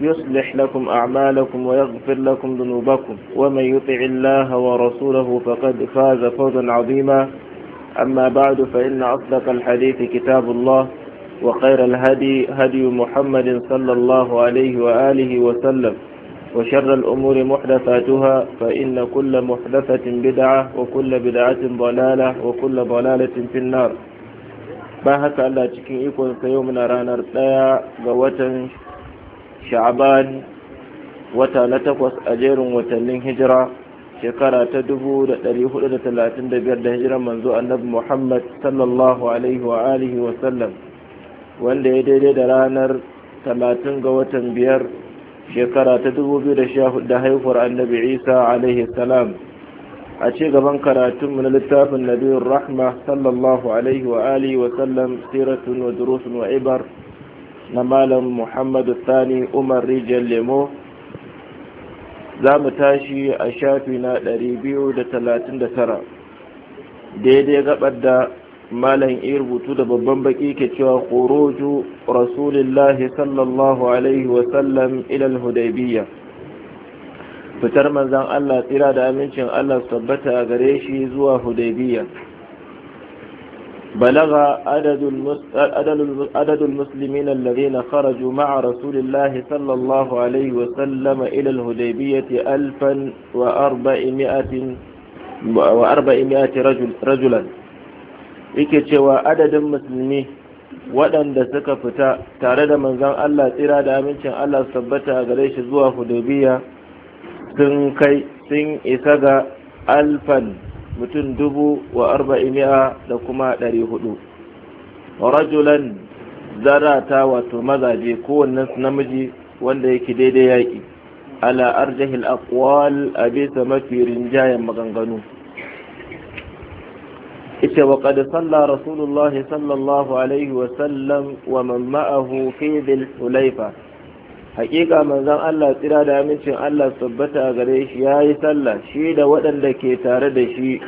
يصلح لكم أعمالكم ويغفر لكم ذنوبكم ومن يطع الله ورسوله فقد فاز فوزا عظيما أما بعد فإن أصدق الحديث كتاب الله وخير الهدي هدي محمد صلى الله عليه وآله وسلم وشر الأمور محدثاتها فإن كل محدثة بدعة وكل بدعة ضلالة وكل ضلالة في النار باهك الله تكين إيكون سيومنا رانا رتايا قوة sha'aban wata na takwas a jerin watannin hijira shekara ta dubu da ɗari hudu da talatin da biyar da hijiran manzo annabi muhammad sallallahu alaihi wa alihi wa sallam wanda ya daidai da ranar talatin ga watan biyar shekara ta dubu biyu da sha da haihuwar annabi isa alaihi salam a ci gaban karatunmu na littafin nabiyun rahma sallallahu alaihi wa alihi wa sallam siratun wa durusun wa ibar na malam muhammadu sani umar rijiyar lemo za mu tashi a shafi na 239 daidai gabar da malam iya rubutu da babban baki ke cewa koroju rasulillahi sallallahu alaihi wasallam ilal hudaibiyya fitar manzan allah tsira da amincin allah su tabbata gare shi zuwa hudaibiyya بلغ عدد المسلمين الذين خرجوا مع رسول الله صلى الله عليه وسلم إلى الهديبية ألفا وأربعمائة وأربعمائة رجلا yake cewa adadin musulmi waɗanda suka fita tare da manzon Allah tsira da amincin Allah tabbata a gare shi zuwa hudubiya sun kai sun isa ga alfan mutum dubu wa arba'imi'a da kuma ɗari hudu rajulan zarata wato mazaje kowannen su namiji wanda yake daidai yaƙi ala arjahil aqwal a bisa mafi rinjayen maganganu ita wa qad salla rasulullahi sallallahu alaihi wa sallam wa man ma'ahu fi dhil hulaifa Haƙiƙa, manzon Allah tsira da amincin Allah tabbata a gare shi ya yi sallah shi da waɗanda ke tare da shi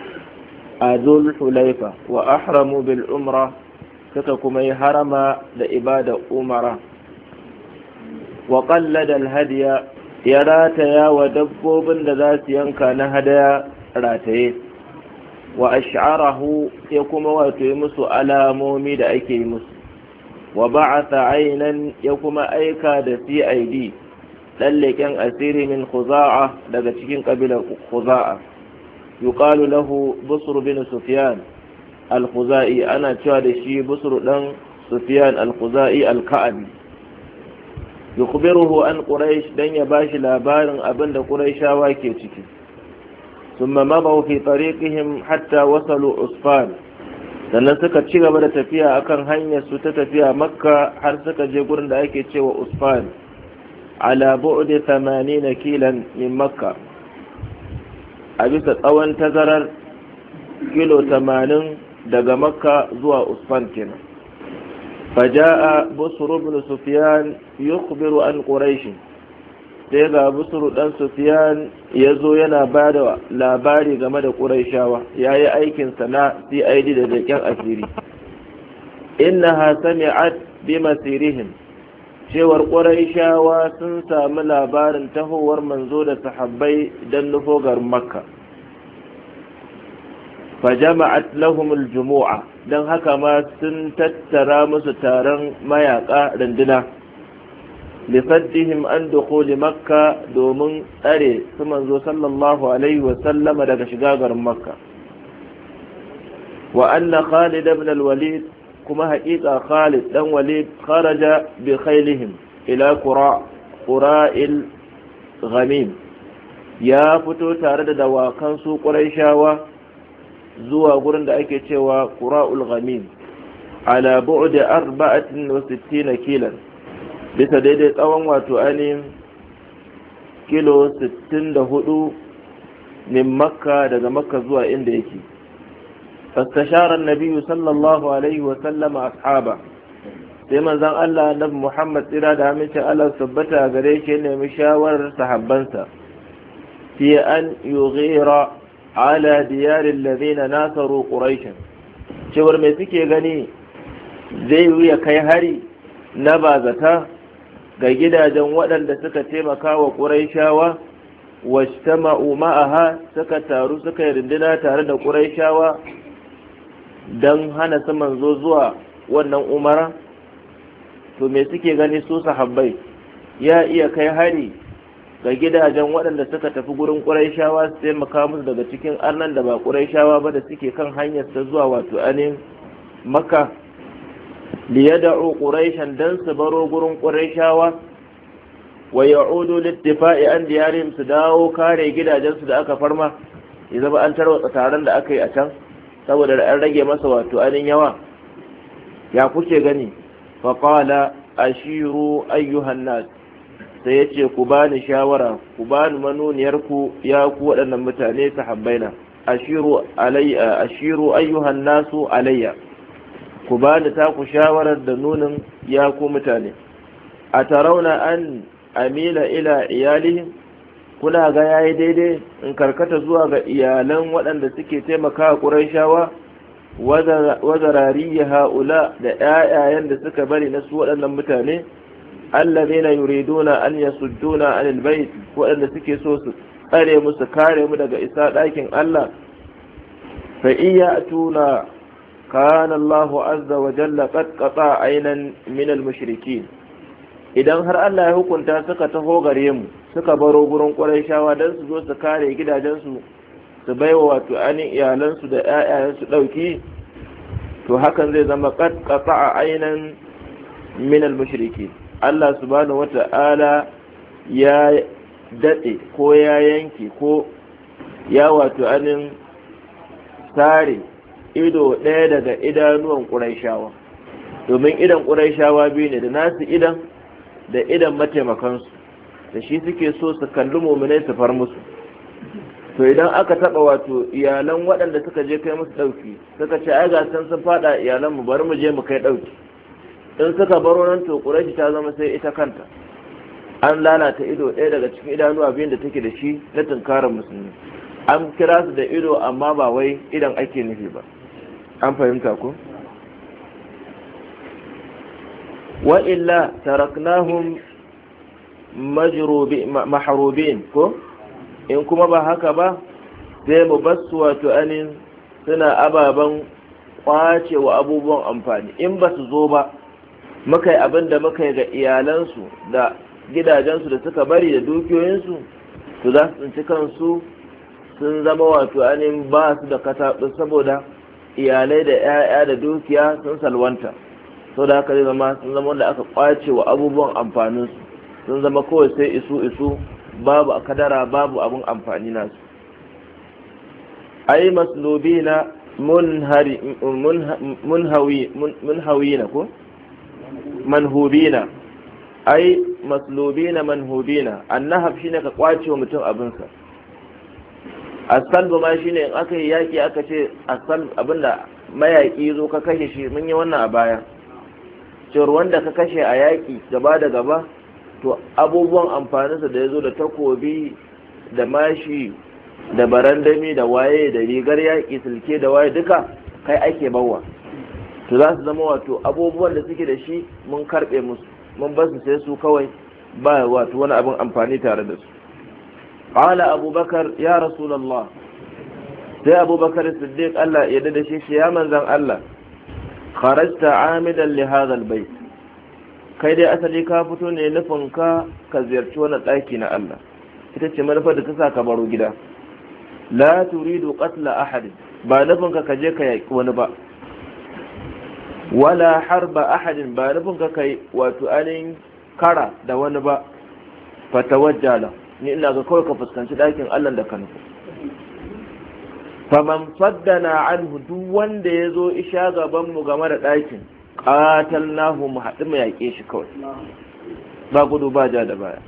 a zul hulaifa wa ahramu bil umra suka kuma yi harama da ibada umara wa qallada al ya rataya wa dabbobin da za su yanka na hadaya rataye wa ash'arahu ya kuma wato yi musu alamomi da ake yi musu wa ba'atha aynan ya kuma aika da CID dan asiri min Khuza'a daga cikin kabilar Khuza'a yuqalu lahu Busr bin Sufyan al-Khuzai ana cewa da shi Busr dan Sufyan al-Khuzai al-Ka'bi yukhbiruhu an Quraysh dan ya bashi labarin abinda Qurayshawa ke ciki ثم مضوا في طريقهم حتى وصلوا عصفان sannan suka ci gaba da tafiya akan hanyar su ta tafiya makka har suka je gurin da ake cewa usfan ala bu'di 80 kilan min makka a bisa tsawon tazarar kilo 80 daga makka zuwa usfan kenan فجاء بصر بن سفيان يخبر عن قريش sai ga busuru dan sufiyan ya zo yana ba da labari game da ƙuraishawa yayi aikin aikinsa na cid da leƙen asiri Inna ha sami'at bi masirihim cewar ƙuraishawa sun sami labarin tahowar manzo da sahabbai don nufogar makka fajama'at lahum Jumu'a, don haka ma sun tattara musu taron mayaka runduna lisaddihim an dukhuli makka domin tsare su manzo sallallahu alaihi wa sallama daga shiga garin makka wa anna khalid ibn al-walid kuma haƙiƙa khalid dan walid kharaja bi khailihim ila qura qura'il ghamim ya fito tare da dawakan su quraishawa zuwa gurin da ake cewa qura'ul ghamim ala bu'di 64 kilan bisa daidai tsawon wato ainihin kilo 64 min makka daga makka zuwa inda yake fastasharar nabiyu sallallahu alaihi wasallama ashaba sai manzan Allah na Muhammad tsira da amince Allah sabbata gare shi nemi shawarar sahabbansa fi an yughira ala diyarin ladina nasaru quraishan cewar mai suke gani zai yi ya kai hari na bazata ga gidajen waɗanda suka taimaka wa ƙuraishawa wajtama'u ma'aha suka taru suka yi rindina tare da ƙuraishawa don hana saman manzo zuwa wannan umara to me suke gani su sahabbai ya iya kai hari ga gidajen waɗanda suka tafi gurin ƙuraishawa su taimaka musu daga cikin arnan da ba ƙuraishawa ba da suke kan hanyar ta zuwa wato anin makka liyada'u quraishan dan su baro gurin quraishawa wa ya'udu littifa'i an diyarim su dawo kare gidajensu da aka farma ya zama an tarwatsa taron da aka yi a can saboda an rage masa wato anin yawa ya kuke gani fa qala ashiru ayyuhan nas sai yace ku bani shawara ku bani manuniyar ku ya ku waɗannan mutane sahabbaina ashiru alayya ashiru ayyuhan nasu alayya ku ba taku shawarar da nunin ya ku mutane a tarauna an amila ila iyali kuna ga yayi daidai in karkata zuwa ga iyalan waɗanda suke taimaka wazarari wazarariya ha'ula da ƴaƴayen da suka bari na su waɗannan mutane allazina yuriduna an yasudduna anil bait waɗanda suke so su tsare mu su kare mu daga isa ɗakin Allah fa iya tuna كان الله عز وجل قد قطع عينا من المشركين idan har Allah ya hukunta suka taho gare mu suka baro gurin ƙurayshawa don su zo su kare gidajen su baiwa wato iyalan iyalansu da su ɗauki to hakan zai zama qad qata'a aynan min al-mushriki Allah subhanahu wata'ala ya dade ko ya yanke ko ya wato anin sare ido ɗaya daga idanuwan ƙuraishawa domin idan ƙuraishawa biyu ne da nasu idan da idan mataimakansu da shi suke so su kalli muminai su far musu to idan aka taba wato iyalan waɗanda suka je kai musu ɗauki suka ce ai gasan sun faɗa iyalan mu bari mu je mu kai ɗauki in suka baro nan to ƙurashi ta zama sai ita kanta an lalata ido ɗaya daga cikin idanuwa biyun da take da shi na tunkarar musulmi an kira su da ido amma ba wai idan ake nufi ba an fahimta ko wa illa taraknahum mahrubin ko in kuma ba haka ba sai mu basu wato anin suna ababen kwace wa abubuwan amfani in ba su zo ba muka yi abin da muka yi ga iyalansu da gidajensu da suka bari da dukiyoyinsu su za su tsinci kansu sun zama wato anin ba su da kataɓi saboda iyalai da 'ya'ya da dukiya sun salwanta sau da haka zai zama sun zama wanda aka kwace wa abubuwan amfanin su sun zama kawai sai isu isu babu a kadara babu abin amfani nasu ai maslubi na munhawina ko manhubina ai maslubi na manhubina annahab shine ka kwace wa mutum abinsa asal ma shine in aka yi yaƙi aka ce asal abinda mayaƙi zo ka kashe shi mun yi wannan a baya cewar wanda ka kashe a yaƙi gaba da gaba to abubuwan amfaninsa da ya zo da takobi da mashi da barandami da waye da rigar yaƙi silke da waye duka kai ake bawa to za su zama wato abubuwan da suke da shi mun karɓe musu mun basu sai su kawai ba wato wani abin amfani tare da su qala abubakar ya rasulullah sai abubakar siddiq Allah ya dade shi ya manzan Allah kharajta amidan li hadha albayt kai dai asali ka fito ne nufin ka ka ziyarci wannan daki na Allah ita ce manufar da ta sa ka baro gida la turidu qatla ahad ba nufin kaje ka wani ba wala harba ahadin ba nufin ka kai wato anin kara da wani ba fatawajjala ni ina ga kawai ka fuskanci dakin Allah da kanu nufa faman faddana an duk wanda ya zo isha gaban mu game da dakin, ƙatal mu haɗu mu yaƙe shi kawai ba gudu ba ja da baya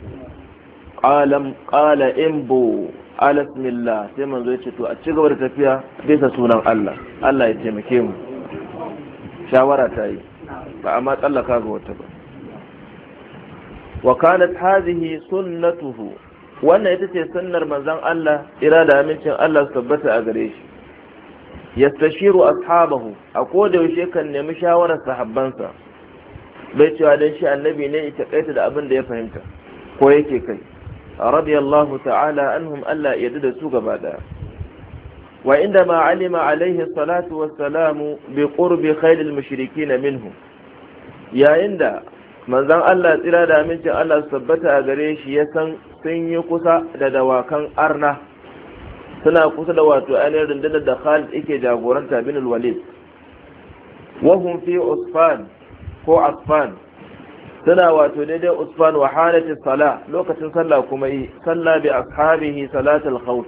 ƙalam ƙala imbo alasmillah sai manzo ya ce to a ci gaba da tafiya bisa sunan Allah Allah ya taimake mu shawara ta yi ba amma tsallaka ga wata ba wa kanat hadhihi sunnatuhu wannan ita ce sunnar manzon Allah ira da amincin Allah su tabbata a gare shi yastashiru ashabahu a koda yaushe kan nemi shawarar sahabbansa bai cewa dan shi annabi ne ya kaita da abin da ya fahimta ko yake kai radiyallahu ta'ala anhum Allah ya da su gaba daya wa inda ma alima alaihi salatu wassalamu bi qurbi khairil mushrikin minhum yayin da manzon Allah tsira da amincin Allah su tabbata a gare shi ya san sun yi kusa da dawakan arna suna kusa da wato ainihin rundunar da khalid yake jagoranta bin walid wahun fi usfan ko asfan suna wato daidai usfan wa halati sala lokacin sallah kuma yi sallah bi ashabihi salatul khawf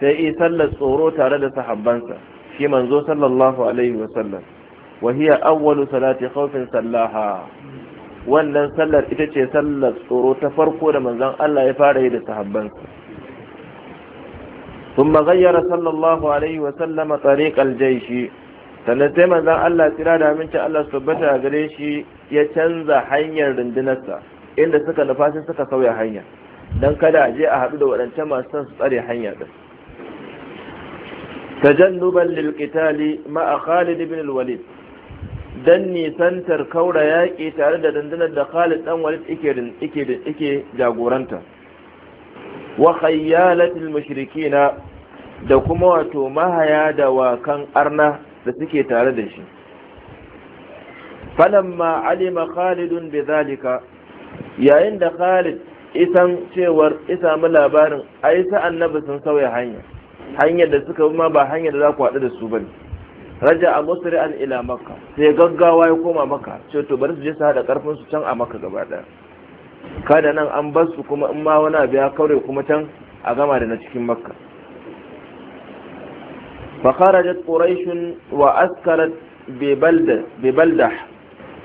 sai yi sallar tsoro tare da sahabbansa shi manzo sallallahu alaihi wa sallam wa hiya awwalu salati khawfin sallaha wannan sallar ita ce sallar tsoro ta farko da manzon Allah ya fara yi da sahabbansa Sun غير sallallahu alaihi wa sallama طريق الجيش sannan sai manzon Allah tsira da aminci Allah su tabbata gare shi ya canza hanyar rundunarsa inda suka nufa suka sauya hanya don kada a je a haɗu da waɗancan masu son su tsare hanya ɗin tajannuban lil qitali ma'a Khalid ibn al-Walid dan nisantar kaura yaƙi tare da dandanar da Khalid dan Walid yake jagoranta wa khayyalatil mushrikina da kuma wato mahaya da wakan arna da suke tare da shi falamma alima Khalidun bi zalika yayin da Khalid isan cewar isa mu labarin ai sa annabi sun sauya hanya hanyar da suka ma ba hanyar da za ku haɗu da su bane raja a musri an ila makka sai gaggawa ya koma maka ce to bari su je su hada karfin su can a maka gaba kada nan an bar su kuma in ma wani abu ya kaure kuma can a gama da na cikin makka askarat bi balda bi balda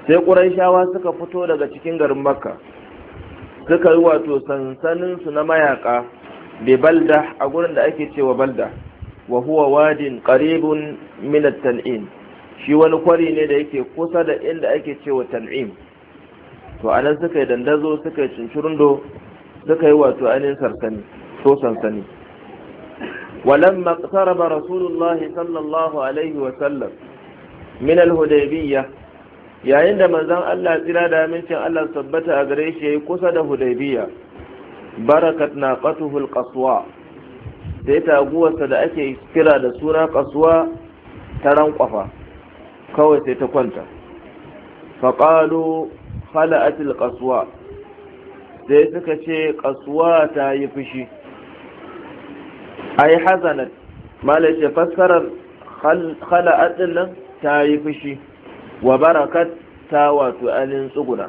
sai quraishawa suka fito daga cikin garin makka suka yi wato su na mayaka balda a gurin da ake cewa balda wa huwa wadin qaribun min at-tan'im shi wani kwari ne da yake kusa da inda ake cewa tan'im to anan suka yi dandazo suka yi cincirundo suka yi wato ainihin sarsani so sansani ولما اقترب رسول الله صلى الله عليه وسلم من الهديبية yayin da manzon Allah tsira da amincin Allah tabbata a gare shi yayi kusa da Hudaybiya barakat naqatuhu alqaswa sai taguwarsa da ake kira da suna kasuwa ta rankwafa kawai sai ta kwanta faƙalo hala'atil kasuwa sai suka ce kasuwa ta yi fushi a yi hazanat malai ce fassarar hala'atil nan ta yi fushi wa barakat ta wato alin tsuguna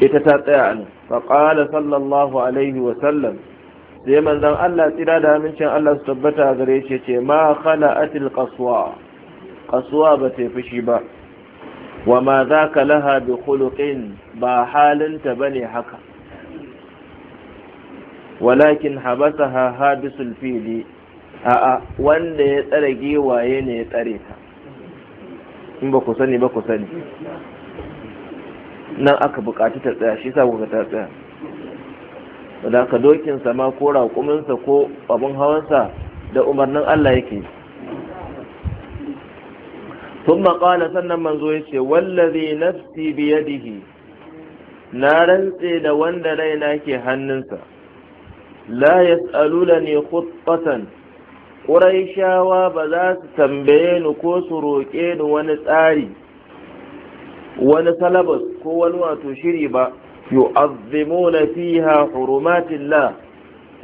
ita ta tsaya alin faƙala sallallahu alaihi wasallam sai manzan Allah tsira da amincin Allah su tabbata gare shi ce ma atil, kasuwa kasuwa ba ta fushi ba wa ma ka laha bi khuluqin ba halinta ba ne haka walakin habasaha habisul fili a'a wanda ya tsare giwaye ne ya tsare ta in ba ku sani ba ku sani nan aka bukaci ta tsaya shi sa kuka ta tsaya da ka dokinsa ma ko raƙuminsa ko abin hawansa da umarnin Allah yake sun maƙala sannan manzo ya ce wallazi nafsi biyadihi na rantse da wanda raina ke hannunsa la yas'aluna ne khutbatan ƙuraishawa ba za su tambaye ni ko su roƙe ni wani tsari wani salabas ko wani wato shiri ba yu'azzimuna fiha hurumatillah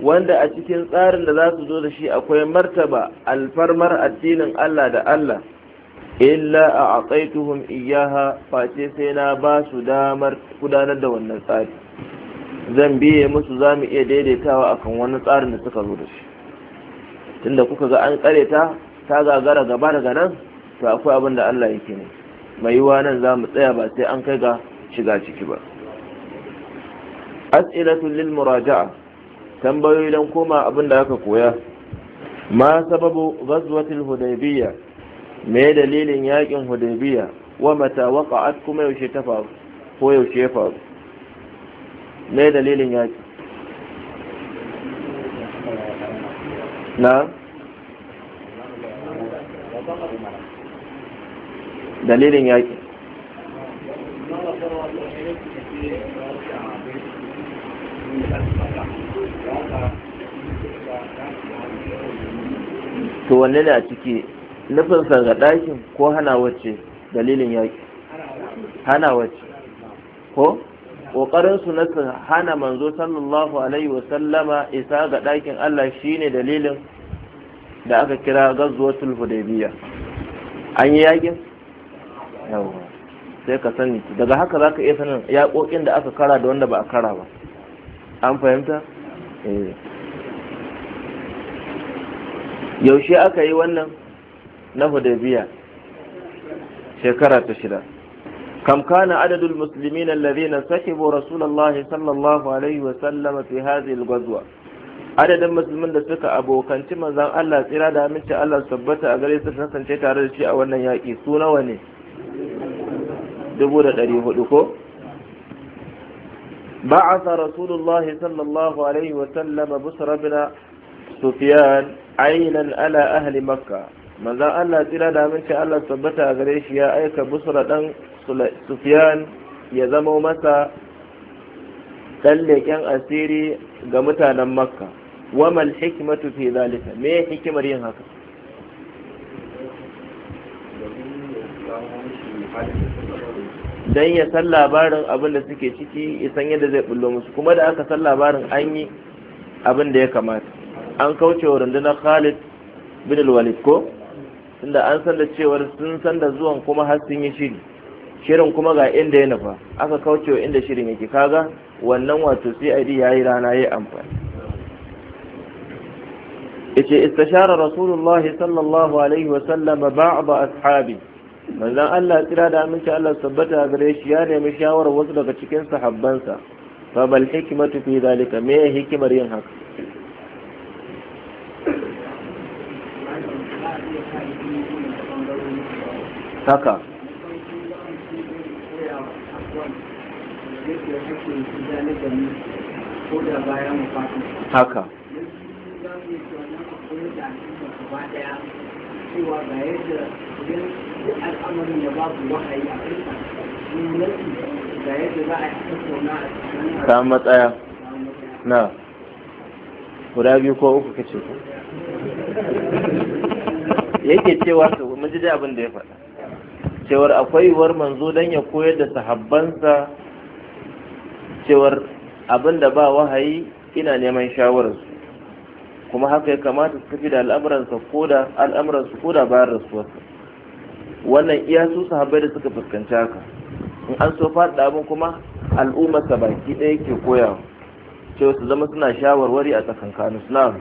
wanda a cikin tsarin da za su zo da shi akwai martaba alfarmar addinin Allah da Allah illa a aqaituhum iyaha face sai na ba su damar gudanar da wannan tsari zan biye musu za mu iya daidaitawa akan wani tsarin da suka zo da shi tunda kuka ga an tsare ta ta gagara gaba daga nan to akwai abin da Allah yake ne mai yiwa nan za mu tsaya ba sai an kai ga shiga ciki ba as'ilatul lil muraja'a tambayoyi don koma abin da aka koya ma sababu ghazwatil hudaybiyya me dalilin yakin hudaybiyya wa mata waqa'at kuma yaushe ta faru ko yaushe ya faru me dalilin yaki na dalilin yaki to wanne ne a ciki nufin ga ɗakin ko hana wacce dalilin yaƙi hana wacce ko ƙoƙarin su na hana manzo sallallahu alaihi wa sallama isa ga ɗakin Allah shine dalilin da aka kira gazuwatul hudaybiya an yi yaƙin yawa sai ka sani daga haka za ka iya sanin yaƙoƙin da aka kara da wanda ba a kara ba an fahimta eh. yaushe aka yi wannan na hudabiya shekara ta shida kam kana adadul musulmi na lalina sake bo rasulallah sallallahu alaihi wa sallama fi hazi al adadin musulmin da suka abokanci manzan Allah tsira da aminci Allah tabbata a gare su kasance tare da shi a wannan yaƙi su nawa ne dubu da ɗari hudu ko بعث رسول الله صلى الله عليه وسلم بسر بن سفيان عينا على أهل مكة من ذا ألا تلا منك ألا ثبت أغريش يا أيك بسر دن سفيان يزمو مسا تلك أسيري قمتا مكة وما الحكمة في ذلك ما حكمة هكذا don ya san labarin abin da suke ciki ya san yadda zai bullo musu kuma da aka san labarin an yi abin da ya kamata an kauce wa rundunar khalid bin walid ko tunda an san da cewar sun san da zuwan kuma har sun yi shiri shirin kuma ga inda ya nufa aka kauce wa inda shirin yake kaga wannan wato cid ya yayi rana ya yi amfani yace istashara rasulullahi sallallahu alaihi wa sallam ba'd ashabi manzon Allah tsira da aminci Allah sabbata gare shi ya nemi shawarar wasu daga cikin sahabbansa fa bal hikmatu fi zalika me hikimar yin haka haka haka cewa ga yadda idan ga yadda za a tattauna a matsaya na cewa to mun ji abin da ya faɗa cewar akwai war manzo dan ya koyar da sahabbansa cewar abin da ba wahayi ina neman shawararsu kuma haka ya kamata su tafi da al'amuransa ko da al'amuransu ko da bayan rasuwarsa wannan iya su sahabbai da suka fuskanci haka in an so faɗa abin kuma sa baki ɗaya ke koya cewa su zama suna shawarwari a tsakankanin islam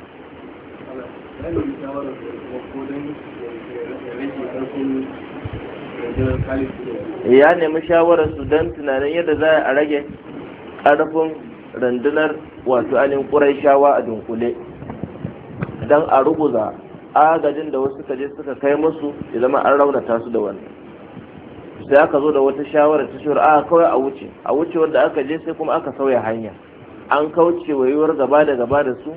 ya nemi shawarar shawararsu don tunanin yadda za a rage ƙarfin rundunar wato alin ƙurai shawa a dunkule dan a ruguza agajin da wasu kaje suka kai musu ya zama an raunata su da wani sai aka zo da wata shawara ta shawara a ah, kawai a wuce a wuce wanda aka je sai kuma aka sauya hanya an kauce wa yiwuwar gaba da gaba da su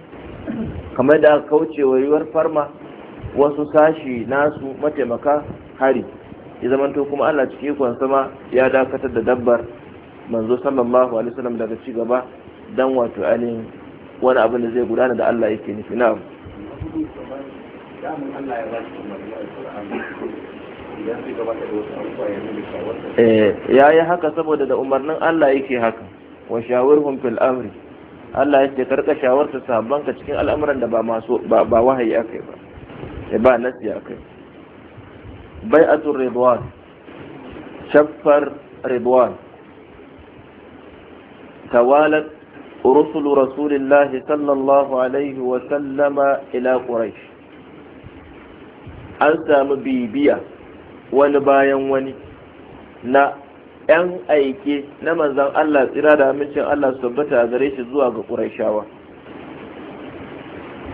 kamar da aka kauce wa yiwuwar farma wasu sashi nasu mataimaka hari ya zama to kuma Allah cikin ikon sama ya dakatar da dabbar manzo sallallahu alaihi wasallam daga ci gaba dan wato ainihin wani abin da zai gudana da Allah yake nufi na'am Eh, ya yi haka saboda da umarnin Allah yake haka wa shawirhum fil amri Allah ya ce karka shawarta sabon ka cikin al'amuran da ba masu ba wahayi akai ba ya ba nasi akai tun ridwan shaffar ridwan tawalat رسل رسول الله صلى الله عليه وسلم إلى قريش an sami bibiya wani bayan wani na 'yan aike na manzan Allah tsira da amincin Allah su tabbata a gare shi zuwa ga ƙurashawa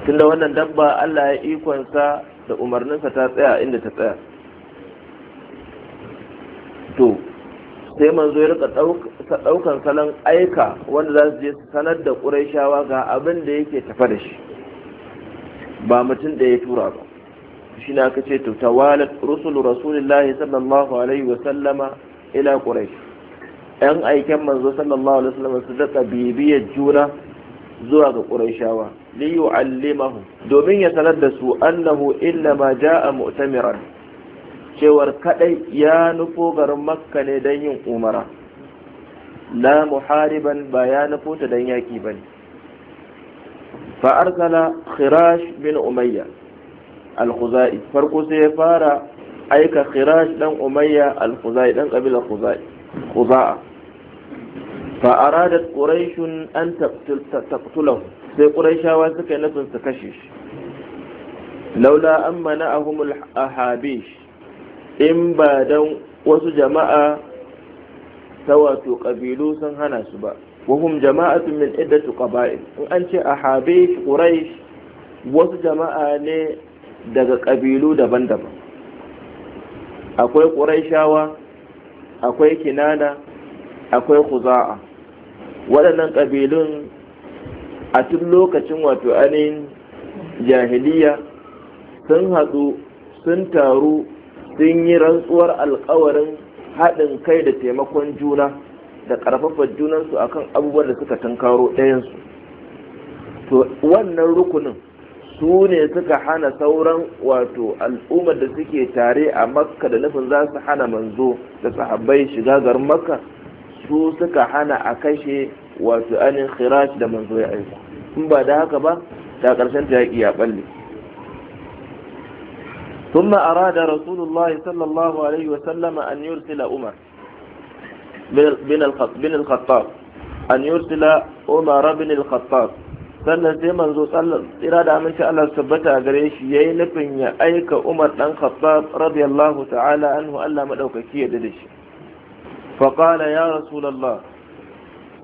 tunda wannan dabba Allah ya ikonsa da umarninsa ta tsaya inda ta tsaya to sai manzo ya rika ɗaukan salon aika wanda za su je su sanar da ƙuraishawa ga abin da yake tafa da shi ba mutum da ya tura ba shi na aka ce to tawalat rusul rasulillahi sallallahu alaihi wa sallama ila quraish yan aiken manzo sallallahu alaihi wa sallama su daka bibiyar juna zuwa ga quraishawa li yu'allimahu domin ya sanar da su annahu illa ma jaa mu'tamiran cewar kadai ya nufo garin makka ne don yin umara Na muhariban ba ya nufo ta dan yaki ba ne arsala khirash bin umayya al-khuzai farko sai ya fara aika khirash dan umayya al-khuzai dan kabila khuzai khuza'a fa aradat an taqtulahu sai quraishawa suka yi nufin su kashe shi laula an mana'ahum al-ahabish in ba dan wasu jama'a ta wato ƙabilu sun hana su ba wahum jama'atu min iddatu qaba'il in an ce ahabi quraish wasu jama'a ne daga ƙabilu daban-daban akwai quraishawa akwai kinana akwai khuza'a waɗannan ƙabilun a tun lokacin wato ainihin jahiliya sun haɗu sun taru sun yi rantsuwar alkawarin haɗin kai da taimakon juna da ƙarfafa junansu akan abubuwan da suka tunkaro ɗayansu to wannan rukunin su ne suka hana sauran wato al'ummar da suke tare a makka da nufin za su hana manzo da sahabbai shiga garin makka su suka hana a kashe wato anin khirash da manzo ya aiko in ba da haka ba da ƙarshen ta yaƙi ya ɓalle ثم أراد رسول الله صلى الله عليه وسلم أن يرسل أمر بن الخطاب أن يرسل أمر بن الخطاب sannan sai manzo tsira da aminci Allah su tabbata a gare shi yayi nufin ya aika Umar dan Khattab radiyallahu ta'ala anhu Allah maɗaukaki ya dade shi fa ya rasulullah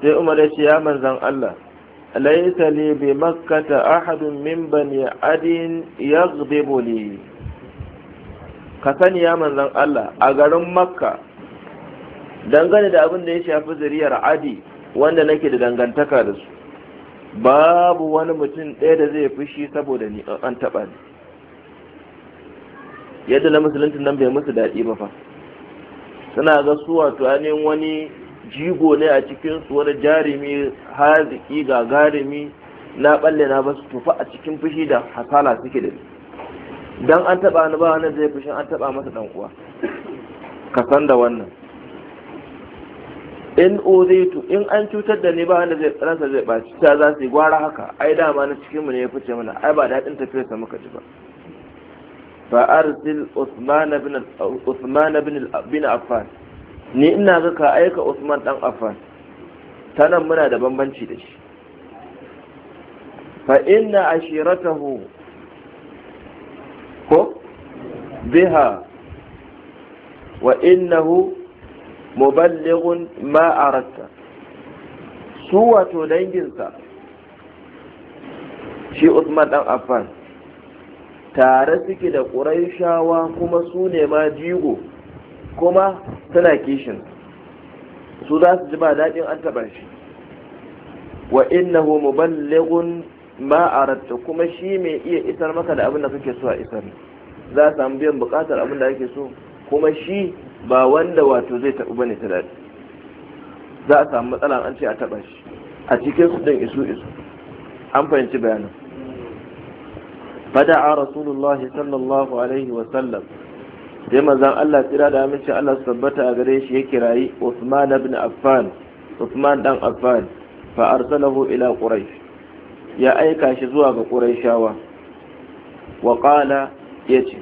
sai Umar ya ce ya manzan Allah laysa li bi makkata ahadun min bani adin yaghdibu li ka sani ya manzan Allah a garin makka dangane da abin da ya shafi zuriyar adi wanda nake da dangantaka da su babu wani mutum ɗaya da zai fushi saboda ni an taɓa ni yadda na Musulunci nan bai musu daɗi ba fa suna ga su wato ainihin wani jigo ne a cikinsu wani jarumi haziki gagarumi na ɓalle na basu tufa a cikin fushi da hasala suke da su. dan an taba ni ba wani zai fushin an taba masa dan uwa ka san da wannan in uzaitu in an cutar da ni ba wanda zai ransa zai baci ta za su yi gwara haka ai dama na cikin mu ne ya fice mana ai ba daɗin tafiyar sa muka ji ba fa arsil usman ibn usman bin ibn affan ni ina ga ka aika usman dan affan ta nan muna da bambanci da shi fa inna ashiratahu ko biha wa innahu muballighun ma aratta su wato danginsa shi Usman dan Affan tare suke da Qurayshawa kuma su ne ma jigo kuma suna kishin su zasu ji ba daɗin an taɓa shi wa innahu muballighun ma aratta kuma shi mai iya isar maka da abin da kake so a isar za samu biyan bukatar abin da ake so kuma shi ba wanda wato zai taɓa bane ta daɗi za a samu matsala an ce a taɓa shi a cikin su isu isu an fahimci bayanin fada'a rasulullahi sallallahu alaihi wa sallam sai mazan Allah tsira da amince Allah su tabbata a gare shi ya kirayi Uthman ibn Affan Uthman dan Affan fa arsalahu ila Quraysh ya aika shi zuwa ga ƙuraishawa wa ƙala ya ce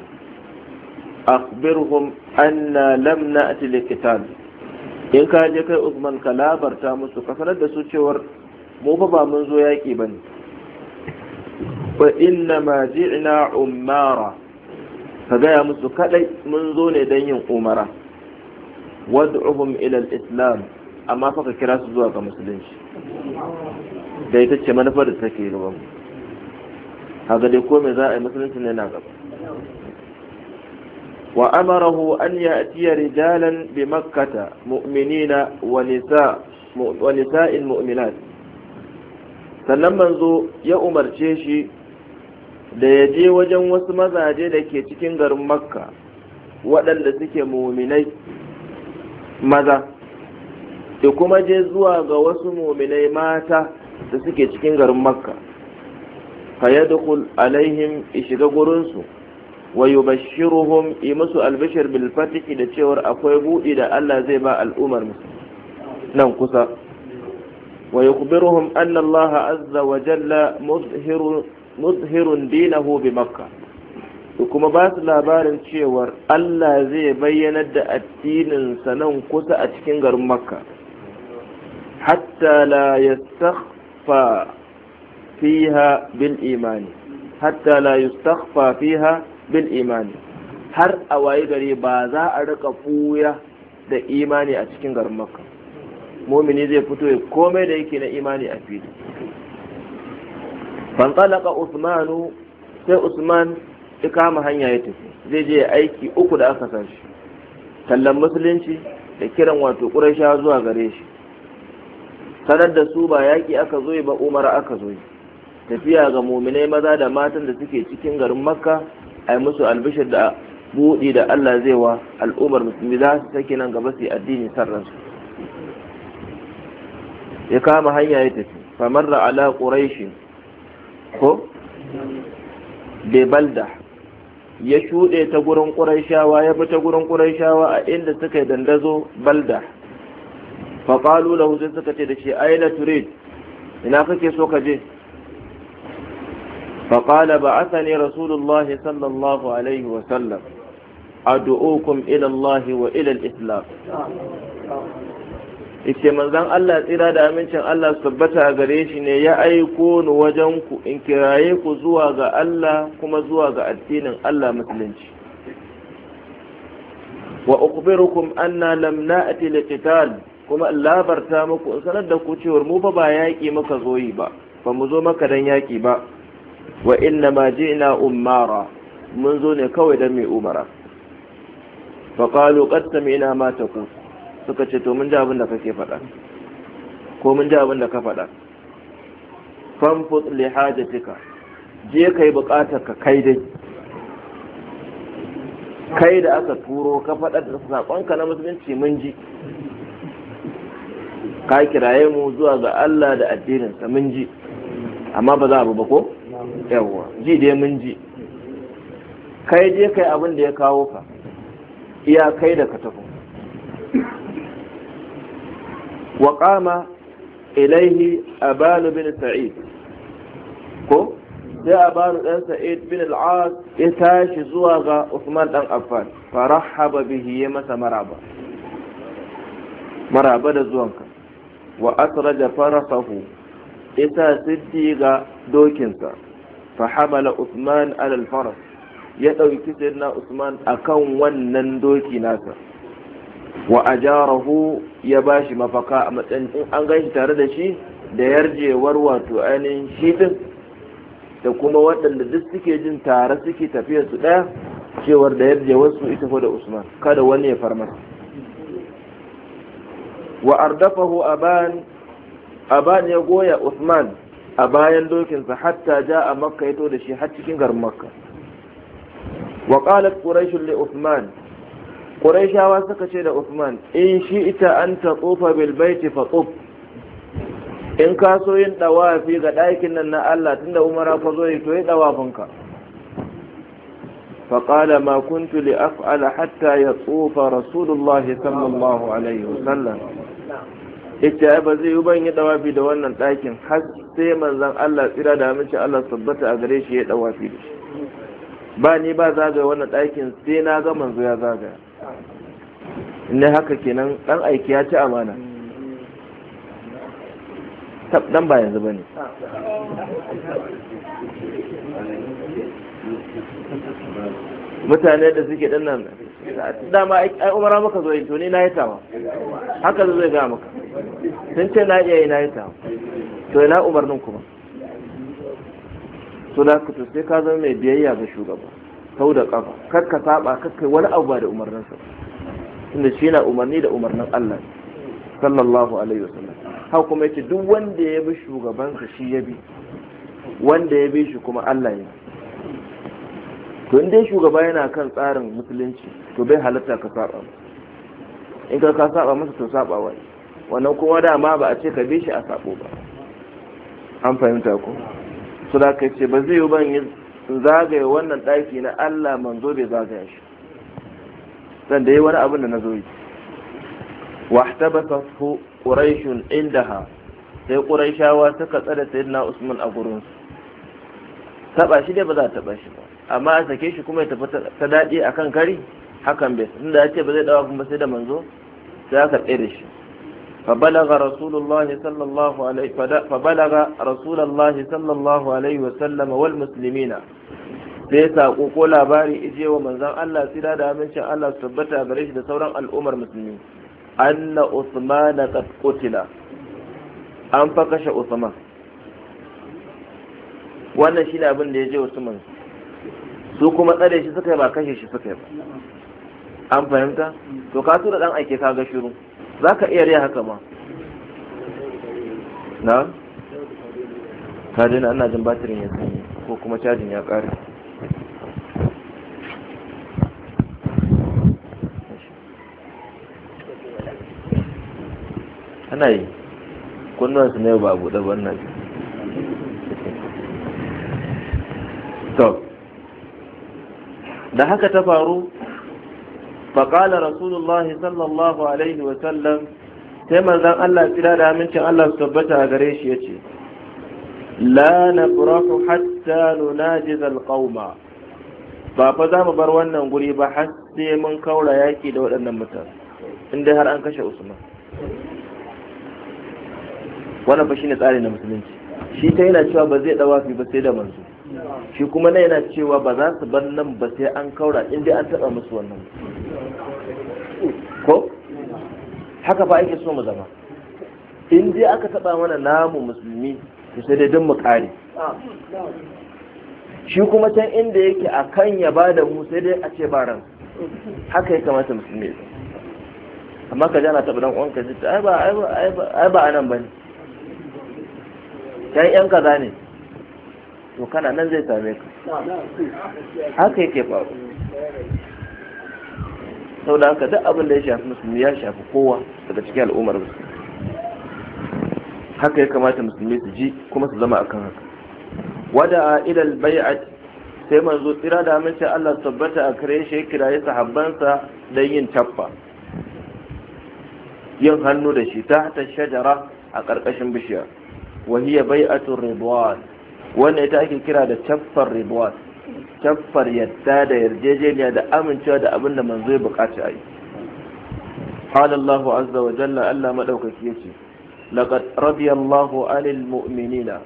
akhbirhum anna lam na'ti liqital in ka je kai Usman ka labarta musu ka sanar da su cewar mu fa ba mun zo yaƙi bane wa inna ma ji'na umara ka gaya musu kadai mun zo ne don yin umara wad'uhum ila al-islam amma fa ka kira su zuwa ga musulunci da ita ce manufar da take gaban mu haka dai ko me za a yi musulunci ne na gaba wa amarahu an ya'tiya rijalan bi makkata mu'minina wa nisa wa nisa'in mu'minat sannan manzo ya umarce shi da ya je wajen wasu mazaje da ke cikin garin makka waɗanda suke muminai maza ki kuma je zuwa ga wasu muminai mata da suke cikin garin makka fa yadkhul alaihim shiga gurinsu wa yubashshiruhum yi musu albishir bilfatiki da cewar akwai buɗi da Allah zai ba al'ummar nan kusa wa yukhbiruhum Allah azza wa jalla muzhirun dina dinahu bi makka kuma ba su labarin cewar Allah zai bayyanar da addinin nan kusa a cikin garin makka hatta la yastakhfa fiha bil imani har a waye gari ba za a rika buya da imani a cikin garin makka mumini zai fito ya komai da yake na imani a fili fantalaka usmanu sai usman ya kama hanya ya tafi zai je ya aiki uku da aka san shi tallan musulunci da kiran wato ƙurasha zuwa gare shi sanar da su ba yaƙi aka zo ba Umar aka zo tafiya ga muminai maza da matan da suke cikin garin makka a yi musu albishir da buɗi da allah zai wa al'ummar musulmi za su sake nan gaba su yi addini sarransu ya kama hanya ya tafi da ala ƙuraishi ko balda. ya shuɗe ta gurin ƙuraishawa ya fi ta gurin ƙuraishawa a inda suka dandazo balda faƙalu lahu sai suka ce da shi aina turid ina kake so ka je faƙala ba sani rasulullahi sallallahu alaihi wasallam addu'ukum ila Allah wa ilal islam yace manzon Allah tsira da amincin Allah su tabbata a gare shi ne ya aiko ni wajen ku in kiraye ku zuwa ga Allah kuma zuwa ga addinin Allah musulunci wa ukhbirukum anna lam na'ti liqital kuma in labarta muku in sanar da ku cewar mu fa ba yaƙi muka zo yi ba ba mu zo maka dan yaƙi ba wa inna ma ji'na ummara mun zo ne kawai dan mai umara fa qalu qad sami'na ma taqul suka ce to mun ji abin da kake faɗa ko mun ji abin da ka faɗa fanfut li hajatika je kai buƙatar ka kai dai kai da aka turo ka faɗa da saƙonka na musulunci mun ji ka kiraye mu zuwa ga Allah da addininsa mun ji amma ba za a ba ko yawwa ji dai mun ji kai je kai abin da ya kawo ka iya kai da ka tafi wa qama ilaihi abanu bin sa'id ko sai abanu dan sa'id bin al-as ya tashi zuwa ga Usman dan Affan farahaba bihi ya masa maraba maraba da zuwanka wa asraja farasahu isa siddiga ga dokinsa fa hamala usman alal faras ya ɗauki sayyidina usman akan wannan doki nasa wa ajarahu ya bashi mafaka a matsayin in an gashi tare da shi da yarjewar wato ainihin shi din da kuma waɗanda duk suke jin tare suke tafiya su ɗaya cewar da yarjewar su ita fa da usman kada wani ya farmasa wa ardafahu aban aban ya goya usman a bayan dokinsa hatta ja a makka ya to da shi har cikin garin makka wa qalat quraish li usman quraishawa suka ce da usman in shi ita an ta tsufa bil baiti fa tsuf in ka so yin dawafi ga ɗakin nan na Allah tunda umara fa zo yi to yi ka فقال ما كنت لأفعل حتى يطوف رسول الله صلى الله عليه وسلم ita ba zai yi ban yi dawafi da wannan ɗakin har sai manzon Allah tsira da mace Allah tabbata a gare shi ya dawafi da shi ba ni ba zagaya wannan ɗakin sai na ga manzo ya zagaya ne haka kenan dan aiki ya ci amana dan ba yanzu bane mutane da suke dan nan dama ai umara maka zo yin to na yi tawa haka zai ga maka sun ce na iya yi na yi ta to yana umarnin kuma to da ka to sai ka zama mai biyayya ga shugaba sau da kafa kar ka saba kar kai wani abu ba da umarninsa tunda shi na umarni da umarnin Allah sallallahu alaihi wasallam haka kuma yace duk wanda ya bi shugabansa shi ya bi wanda ya bi shi kuma Allah ya to in dai shugaba yana kan tsarin musulunci to bai halatta ka saba in ka ka saba masa to saba wani wannan kuma dama ba a ce ka bi shi a sabo ba an fahimta ku? su da ce ba zai yi ban yi zagaye wannan ɗaki na Allah manzo bai zagaya shi dan da yi wani abin da na zo yi wahtabasa su quraishun indaha sai quraishawa suka tsada sayyidina usman a gurin su taba shi dai ba za ta taba shi ba amma a sake shi kuma ya tafi ta daɗi akan kari hakan bai tunda da ya ce ba zai dawo kuma sai da manzo sai aka tsere shi فبلغ رسول الله صلى الله عليه فبلغ رسول الله صلى الله عليه وسلم والمسلمين sai saƙo ko labari ije wa manzon Allah sira da amincin Allah su tabbata gare shi da sauran al'ummar musulmi anna usmana qad qutila an fa kashe usman wannan shine abin da ya je usman su kuma tsare shi suka yi ba kashe shi suka yi ba an fahimta to ka tura dan aike ka ga shiru za ka iya riya haka ma na kajin ana jin batirin ya sanyi ko kuma cajin ya ƙare ana yi kunnuwansu ne ba abu da wannan to da haka ta faru faƙala rasulullahi sallallahu alaihi wasallam sai manzan Allah tsira da amincin Allah su tabbata a gare shi ya ce la na furahu hatta nunajiz alqauma ba fa za mu bar wannan guri ba har sai mun kaura yaki da waɗannan mutane inda har an kashe usman wannan fa shine tsari na musulunci shi ta yana cewa ba zai dawafi ba sai da manzo shi kuma na yana cewa ba za su bar nan ba sai an kaura inda an taɓa musu wannan ko haka fa ake so mu zama in aka taɓa mana namu musulmi to sai dai don mu kare shi kuma can inda yake a kan ya ba da mu sai dai a ce ba ran haka ya kamata musulmi amma ka jana taɓa dan uwan ka ji ai ba ai ba ai ba anan can yan kaza ne to kana nan zai same ka haka yake faru sau da haka duk abin da ya shafi musulmi ya shafi kowa daga cikin al'ummar musulmi haka ya kamata musulmi su ji kuma su zama akan haka wada ilal bai'at sai manzo tsira da amince Allah tabbata a kare shi kiraye sahabbansa don yin tabba yin hannu da shi ta hata shajara a ƙarƙashin bishiya wahiya bai'atul ridwan wannan ita ake kira da caffar ribuwar caffar yadda da yarjejeniya da amincewa da abin da manzo ya bukaci a yi halallahu azza wa jalla allah maɗaukaki ya ce laƙar rabiyallahu alil mu'minina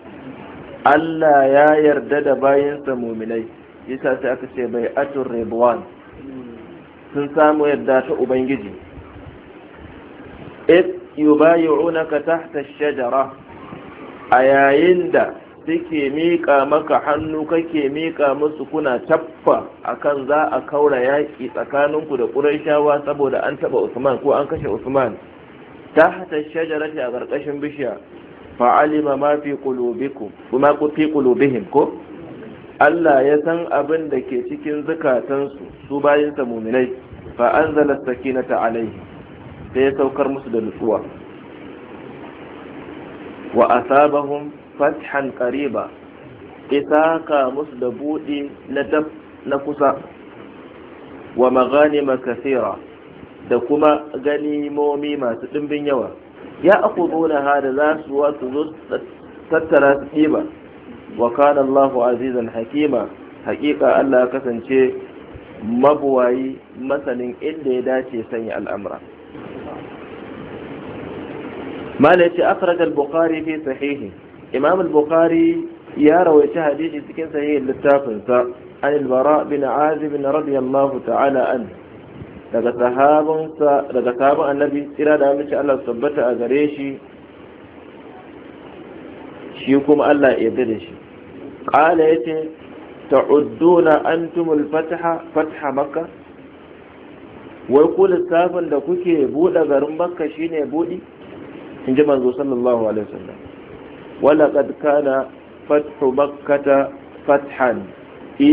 allah ya yarda da bayansa mu'minai yasa sai aka ce bai atun ribuwan sun samu yadda ta ubangiji إذ tahta تحت الشجرة أيا يندى suke miƙa maka hannu kake miƙa musu kuna caffa akan za a kaura yaƙi tsakaninku da ƙuraishawa saboda an taɓa usman ko an kashe usman ta hata shajarati a ƙarƙashin bishiya fa'alima ma fi qulubikum kuma ku fi qulubihim ko Allah ya san abin da ke cikin zukatansu su bayin sa muminai fa anzala sakinata alaihi sai ya saukar musu da nutsuwa wa asabahum fathan qariba isaka musu da buɗe na dab na kusa wa magani kathira da kuma ganimomi masu ɗimbin yawa ya akhuduna hada za su wato zo tattara su ɗiba wa azizan hakima hakika Allah kasance mabuwayi masanin inda ya dace sanya al'amura mala yace akhraj al fi sahihi imam al-bukhari ya rawaita hadisi cikin sahihin littafinsa an al-bara bin azib bin radiyallahu ta'ala an daga sahabansa daga sahaban annabi tsira da amince Allah tabbata a gare shi shi kuma Allah ya yarda da shi qala yace ta'udduna antum al-fatha fatha makkah wai ku lissafin da kuke buɗe garin makka shine buɗi in ji manzo sallallahu alaihi wasallam ولقد كان فتح مكة فتحا في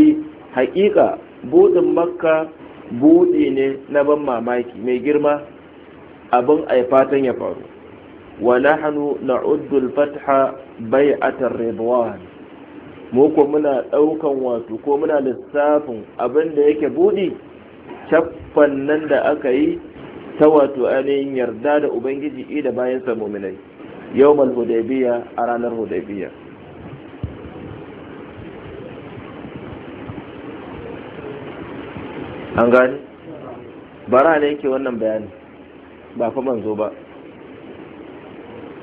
حقيقة بود مكة buɗe ne na ban mamaki mai girma abin a fatan ya faru wa nahnu na'uddu al-fatha bai'at ar-ridwan mu ko muna daukan wato ko muna lissafin abin da yake budi caffan nan da aka yi ta wato ainihin yarda da ubangiji da bayan muminai yawmal hudaybiya a ranar hudaybiya an gani bara ne yake wannan bayani ba fa manzo ba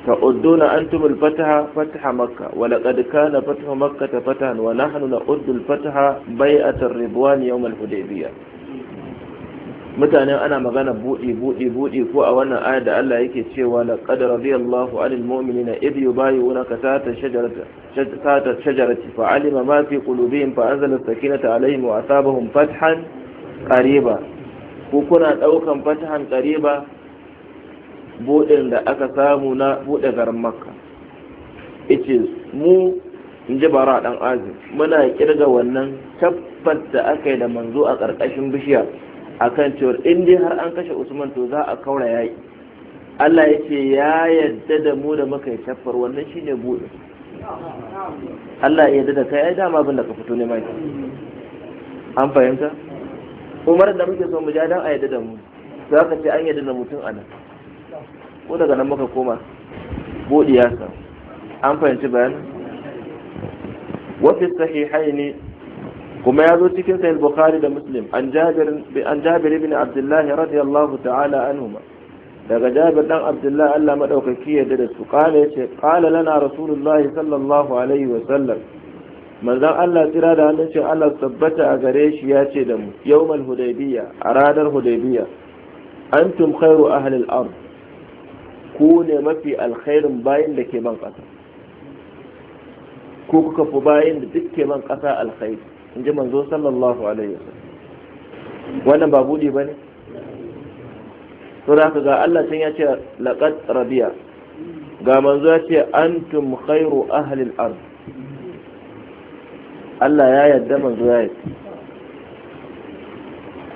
تعدون أنتم الفتح فتح مكة ولقد كان فتح مكة فتحا ونحن نعد الفتح بيئة الربوان يوم الحديبية mutane ana magana buɗe buɗe buɗe ko a wannan ayar da Allah yake cewa laqad radiyallahu 'anil mu'minina id yubayyi'unaka tahta shajarati tahta shajarati fa 'alima ma fi qulubihim fa anzala sakinata 'alayhim wa asabahum fathan qariba ko kuna daukan fathan qariba buɗin da aka samu na buɗe garin Makka ice mu in ji bara dan azim muna kirga wannan tabbat da aka da manzo a ƙarƙashin bishiya akan cewa in dai har an kashe usman to za a kaura yayi Allah ya ce ya yadda da mu da muka yi shaffar wannan shine buɗe Allah ya yadda da kai da dama abin da ka fito ne ma an fahimta umar da muke so mu ja dan a yadda da mu za ka ce an yadda da mutum a nan ko daga nan muka koma buɗe ya an fahimci bayanin wafi sahihaini kuma ya zo cikin sahih bukhari da muslim an jabir an jabir ibn abdullah radiyallahu ta'ala anhu daga jabir dan abdullah Allah madaukaki ya da su kala yace qala lana rasulullah sallallahu alaihi wa sallam manzon Allah tsira da hannun shi Allah tabbata a gare shi ya ce da mu yawmal hudaybiya a ranar hudaybiya antum khairu ahli al-ard ku ne mafi alkhairin bayin da ke ban kasa kuka fi bayin da duk ke ban kasa alkhairi in ji manzo sallallahu alaihi wasallam wannan ba buɗe ba ne to da ga Allah can ya ce laqad rabiya ga manzo ya ce antum khairu ahli al-ard Allah ya yarda manzo ya yi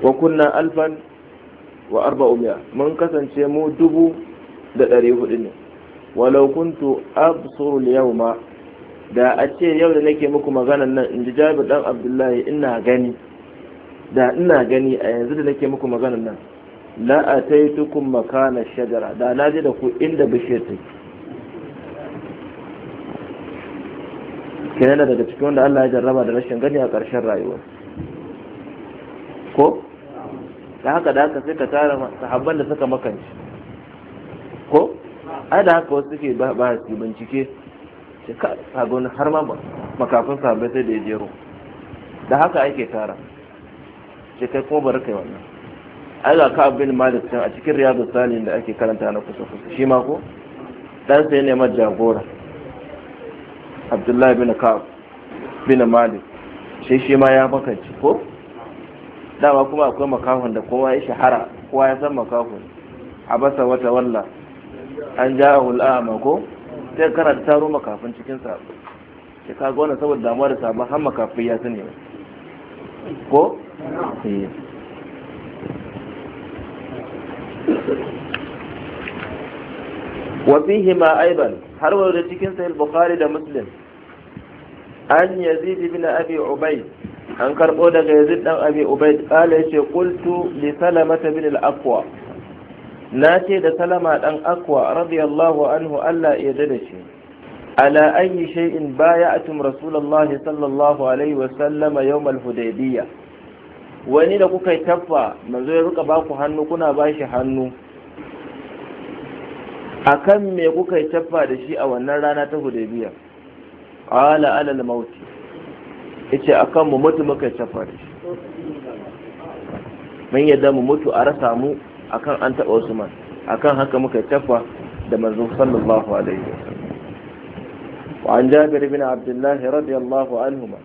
wa kunna alfan wa arba'umiya mun kasance mu dubu da ɗari hudu ne walau kuntu absuru al-yawma da a ce yau da nake muku maganan nan in ji jabir dan abdullahi ina gani da ina gani a yanzu da nake muku maganan nan la ataitukum makana shagara da na je da ku inda bishiyar take kenan daga cikin wanda Allah ya jarraba da rashin gani a ƙarshen rayuwa ko da haka da haka sai ka tara sahabban da suka makanci ko ai da haka wasu suke ba su bincike ce ka ga har ma makafin sahabbai sai da ya jero da haka ake tara ce kai kuma bari kai wannan ai ga ka abin malik can a cikin riyadu salihin da ake karanta na kusa kusa shi ma ko dan sai ne jagora abdullahi bin ka'ab bin malik sai shi ma ya makance ko dama kuma akwai makahon da kowa ya shahara kowa ya san makahon a basa wata walla an ja'ahul a'ma ko sai kana da taro makafin cikin sabo sai ka gona saboda damuwa da sabon har makafin ya sani ko eh. wa bihi ma aiban har wa da cikin sahih bukhari da muslim an yazid ibn abi ubayd an karbo daga yazid dan abi ubayd qala yace qultu li salamata bin al-aqwa na ce da salama ɗan akwa radiyallahu anhu Allah ya da shi ala ayi shay'in atum Rasulallah sallallahu alaihi wa sallama yawmal hudaybiyah wani da kuka yi manzo ya rika baku hannu kuna bashi hannu akan me kuka yi da shi a wannan rana ta hudaybiya ala alal mauti yace akan mu mutu muka yi da shi mun yadda mu mutu a rasa mu akan an taɓa Usman akan haka muka tafa da manzo sallallahu alaihi wasallam wa an Jabir bin Abdullahi radiyallahu anhuma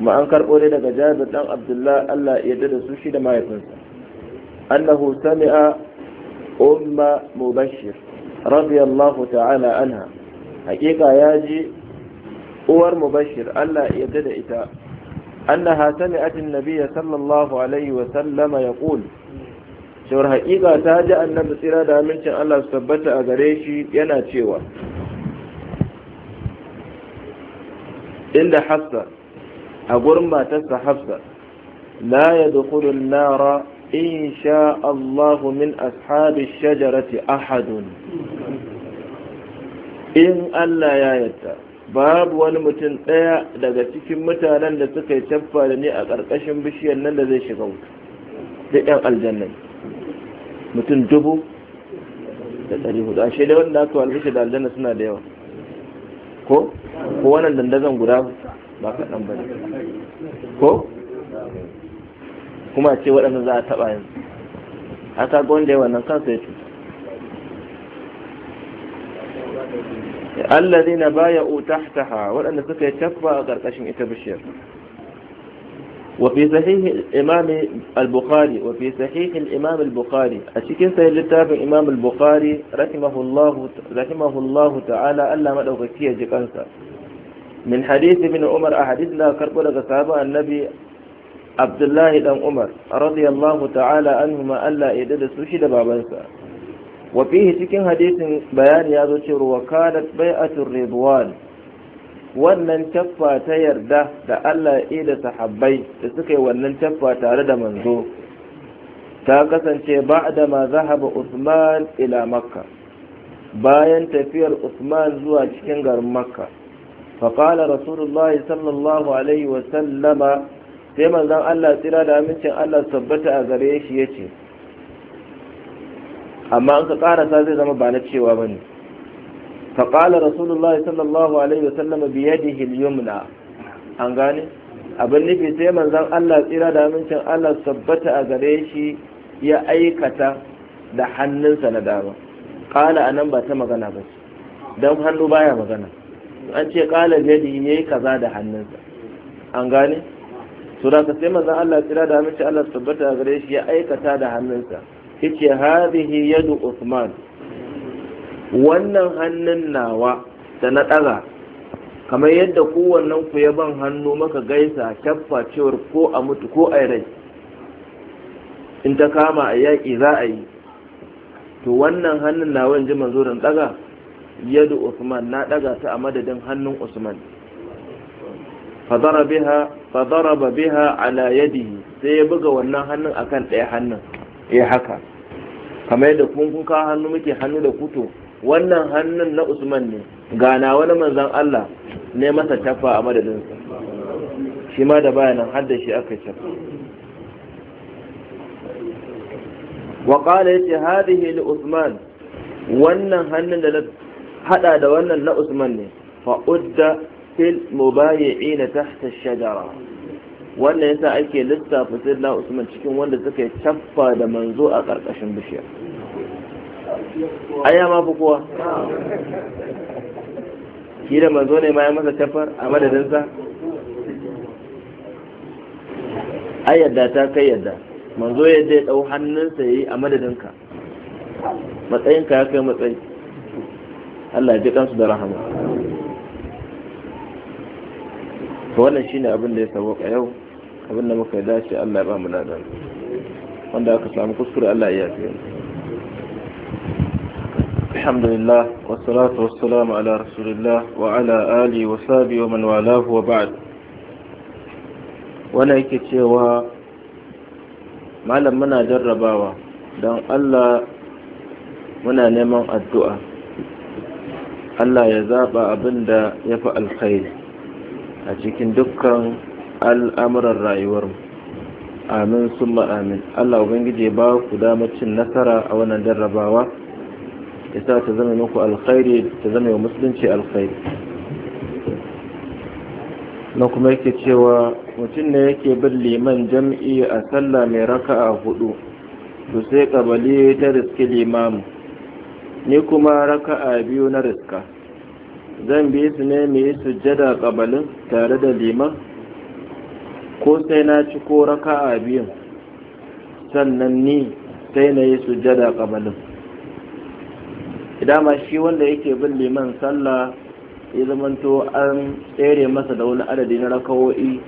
kuma an karɓo ne daga Jabir dan Abdullahi Allah ya yarda da su shi da mahaifinsa annahu sami'a umma mubashir radiyallahu ta'ala anha hakika ya ji uwar mubashir Allah ya yarda da ita annaha sami'at an-nabiy sallallahu alaihi wa wasallam yaqul. shawar haƙiƙa ta ji annabi tsira da amincin Allah su tabbata a gare shi yana cewa inda hafsa a gurin matarsa hafsa la ya dukulun nara in sha Allahu min ashabi shajarati ahadun in Allah ya yarda babu wani mutum ɗaya daga cikin mutanen da suka yi tabbata ne a ƙarƙashin bishiyar nan da zai shiga wuta duk 'yan aljannai mutum dubu da ɗari hudu a shaida wanda aka walfi da aljanna suna da yawa ko ko wannan dandazon guda ba kaɗan ba ne ko kuma ce waɗanda za a taɓa yanzu haka ga wanda yawa nan kansa ya cuta allazina baya'u tahtaha waɗanda suka yi tabba a ƙarƙashin ita bishiyar وفي صحيح الإمام البخاري وفي صحيح الإمام البخاري أشكين سهل لتاب الإمام البخاري رحمه الله رحمه الله تعالى ألا مدوكتية جكانسا من حديث ابن عمر أحاديث لا كرب لك صحابة النبي عبد الله بن عمر رضي الله تعالى عنهما ألا يدد سوشي بابنسا وفيه شكين حديث بيان يازو وكانت بيعة الرضوان wannan tafa ta yarda da Allah ya da sahabbai da suka yi wannan tafa tare da manzo ta kasance ba da ma zahaba Usman ila makka bayan tafiyar Usman zuwa cikin garin makka faƙala rasulullah sallallahu alaihi wasallama sai manzan Allah tsira da amincin Allah tabbata a gare shi ya ce amma an ka ƙarasa zai zama ba na cewa bane faƙala rasulullahi sallallahu alaihi wa sallam biyadihi al-yumna an gane abin nufi sai manzon Allah tsira da amincin Allah sabbata a gare shi ya aikata da hannunsa na dama ƙala a nan ba ta magana ba don hannu baya magana an ce ƙala ya yi kaza da hannunsa an gane to da sai manzon Allah tsira da amincin Allah sabbata a gare shi ya aikata da hannunsa yace hadhihi yadu Uthman wannan hannun nawa da na ɗaga kamar yadda kowannen ku ya ban hannu maka gaisa shaffa cewar ko a mutu ko a rai in ta kama a yaƙi za a yi to wannan hannun nawa ji manzo da ɗaga yadda usman na ɗaga ta a madadin hannun usman fadaraba biha ala yadihi sai ya buga wannan hannun akan ɗaya hannun ya haka kamar yadda kun kuka hannu muke hannu da kuto wannan hannun na usman ne gana wani manzan allah ne masa tafa a madadinsa shi ma da bayanan har da shi aka tafa wa ce, yace hadhihi li usman wannan hannun da na hada da wannan na usman ne fa'udda fil fil mubayi'ina tahta ash-shajara wannan yasa ake lissafa na usman cikin wanda suka yi tafa da manzo a ƙarƙashin bishiya ai ya ma fi kowa shi da manzo ne ma ya masa tafar a madadinsa ai yadda ta kai yadda manzo ya dau hannunsa ya yi a madadinka matsayinka ya kai matsayi Allah ya ji kansu da rahama to wannan shine abin da ya ka yau abin da muka dace Allah ya ba mu ladan wanda aka samu kuskure Allah ya yi الحمد لله والصلاة والسلام yake cewa malam muna jarrabawa don Allah muna neman addu'a Allah ya zaɓa abinda da ya fi alkhairi a cikin dukkan al'amuran rayuwarmu amin summa amin Allah ubangiji ba ku damacin nasara a wannan jarrabawa ya sa ta zama muku alkhairi ta zama wa musulunci alkhairi na kuma yake cewa mutum ne yake bin liman jam'i a sallah mai raka'a hudu to sai kabali ta riski limamu ni kuma raka'a biyu na riska zan bi su ne mai yi sujjada kabalin tare da liman ko sai na ci ko raka'a biyun sannan ni sai na yi sujjada kabalin ma shi wanda yake bin liman sallah ya zamanto an tsere masa da wani adadi na rakawo'i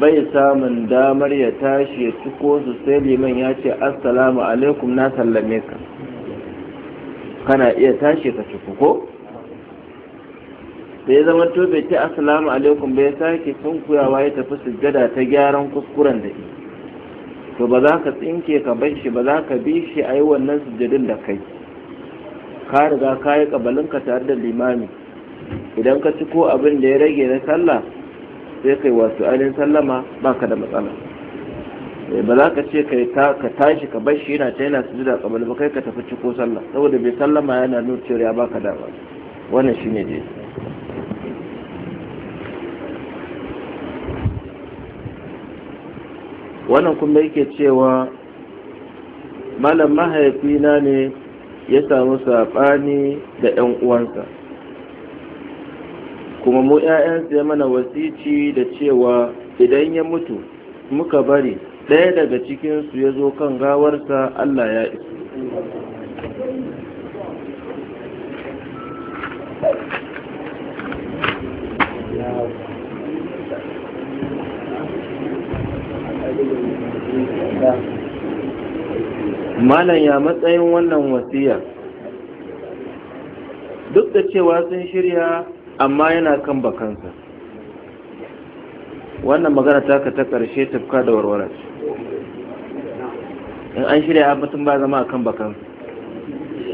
bai samun damar ya tashi ya ciko su sai liman ya ce assalamu alaikum na sallame ka kana iya tashi ka ciko ko da ya zama to bai ce assalamu alaikum bai sake sun kuyawa ya tafi sujjada ta gyaran kuskuren da to ba za ka tsinke ka bai shi ba za ka bi shi a yi wannan sujjadin da kai ka riga ka yi ka tare da limami idan ka ci ko abin da ya rage na sallah sai kai wasu ainihin sallama baka da matsala eh, ba za ka ce ka tashi ka bar shi yana ta yana su sujuda kabali ba kai ka tafi ci ko sallah saboda bai sallama yana nuna cewa ya baka da wannan shine dai wannan kuma yake cewa malam mahaifina ne ya samu saɓani da 'yan uwansa kuma mu 'ya'yansa ya mana wasici da cewa idan ya mutu muka bari ɗaya daga cikinsu ya zo kan gawarsa allah ya isu Yeah. malam ya matsayin wannan wasiya duk da cewa sun shirya amma yana kan bakansa wannan magana taka ta ƙarshe tafka da warware. in an shirya mutum ba zama a kan bakansa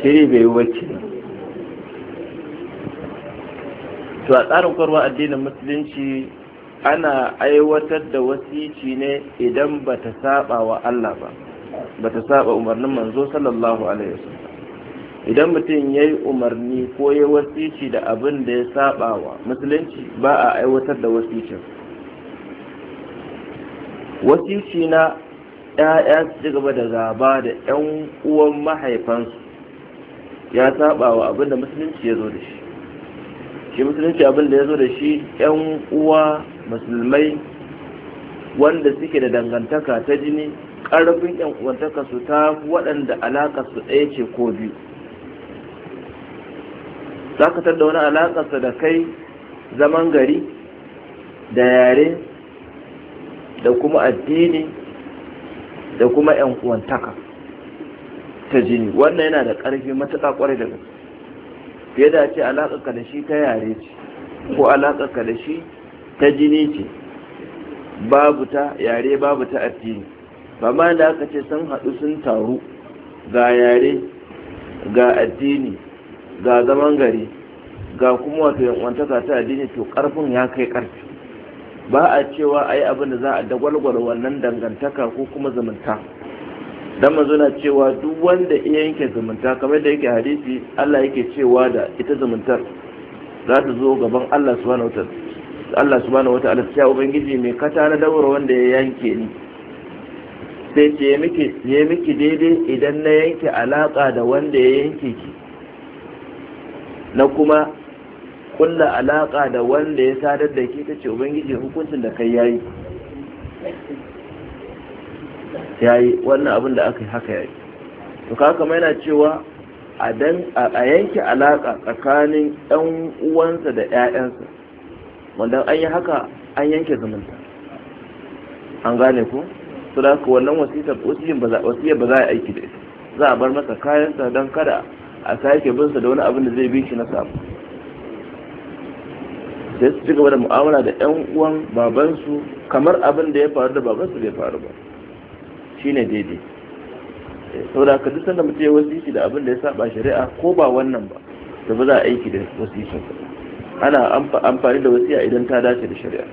shiri bai yi wacce to a tsarin kwarwa addinin musulunci ana aiwatar da wasici ne idan ba ta saba wa Allah ba ba ta saba umarnin manzo sallallahu alaihi wasallam idan mutum ya yi umarni ko ya wasici da abin da ya saba wa musulunci ba a aiwatar da wasicin wasici na ‘ya'ya su ci gaba da gaba da ‘yan uwan mahaifansu ya saba wa abin da musulunci ya zo da shi shi musulunci abin da ya zo da shi ‘yan uwa musulmai wanda suke da dangantaka ta jini ƙarfin yan uwantaka su ta waɗanda alaƙa su ɗaya ce ko biyu za ka da wani su da kai zaman gari da yare da kuma addini da kuma yan uwantaka ta jini wannan yana da ƙarfi matuƙa ƙwarai da gaske fiye da ce ka da shi ta yare ce ko ka da shi ta jini ce babu ta yare babu ta addini ba da aka ce sun haɗu sun taru ga yare ga addini ga zaman gari ga kuma wato yankwantaka ta addini to ƙarfin ya kai ƙarfi ba a cewa a yi abin da za a dagwalgwar wannan dangantaka ko kuma zumunta Don mu zuna cewa duk wanda iya yanke zumunta kamar da yake hadisi Allah yake cewa da ita zumuntar za ta zo gaban Allah subhanahu wataala Allah subhanahu wataala ya ubangiji mai kata na daura wanda ya yanke ni sai ce miki daidai idan na yanke alaƙa da wanda ya yanke ki na kuma kulla alaƙa da wanda ya sadar da ke ta ce ubangiji hukuncin da kai yayi yayi wannan abin da aka yi haka yayi to kaka mai yana cewa a yanke alaƙa tsakanin 'yan uwansa da 'ya'yansa wanda an yi haka an yanke zumunta an gane ku su da haka wannan wasiyar ba za a aiki da ita za a bar masa kayansa don kada a sake binsa da wani abin da zai bi shi na samu sai su ci gaba da mu'amala da 'yan uwan babansu kamar abin da ya faru da babansu bai faru ba Shi ne daidai eh, da ka duk sanda mutu ya wasiki da abin da ya saba shari'a ko ba wannan ba da ba za a aiki da wasikin ana amfani da wasiya idan ta dace da shari'a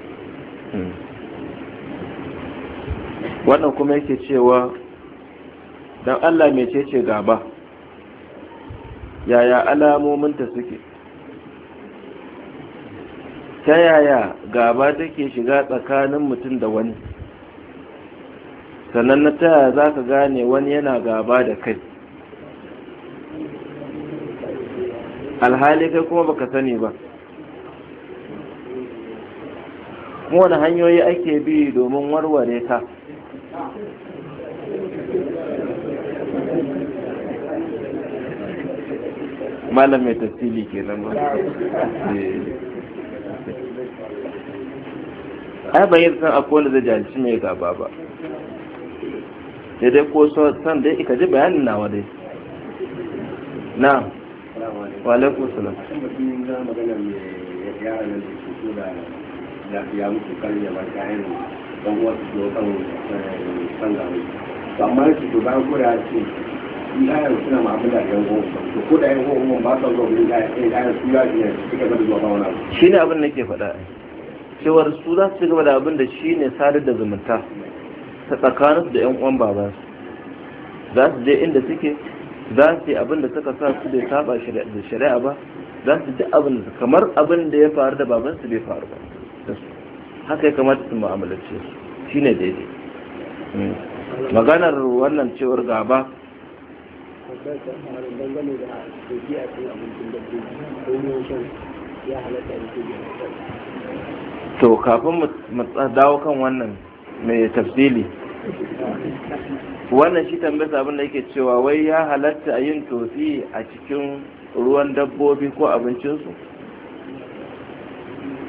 hmm. wannan kuma yake cewa don allah mecece gaba yaya alamominta suke ta yaya gaba take shiga tsakanin mutum da wani sannan na ta yaya za ka gane wani yana gaba da kai alhali kai kuma baka sani ba kuma wani hanyoyi ake bi domin warware ta malam mai tasiri ke nan A eh. ai ban san akwai wanda zai jahilci mai gaba ba sai dai ko san dai ika ji bayanin nawa dai na wa alaikum da ya mutu kan ya ba dan uwa su zo kan kan gari to amma shi to bayan ko da ce in ayar suna ma abin da yan uwa to ko da yan uwa ba sa zuwa gurin eh, ayar su ya ne suka da zuwa kan shi ne abin da ke faɗa cewar su za su gaba da abin da shi ne sadar da zumunta ta tsakaninsu da yan uwan babansu za su je inda suke za su yi abin da suka sa su bai saba da shari'a ba za su ji abin da kamar abin da ya faru da babansu bai faru ba haka ya kamata su mu'amalace shi ne daidai hmm. maganar wannan cewar gaba to kafin mu dawo kan wannan mai tafsili wannan shi tambayar sabon da yake cewa wai ya halatta a yin tosi a cikin ruwan dabbobi ko abincinsu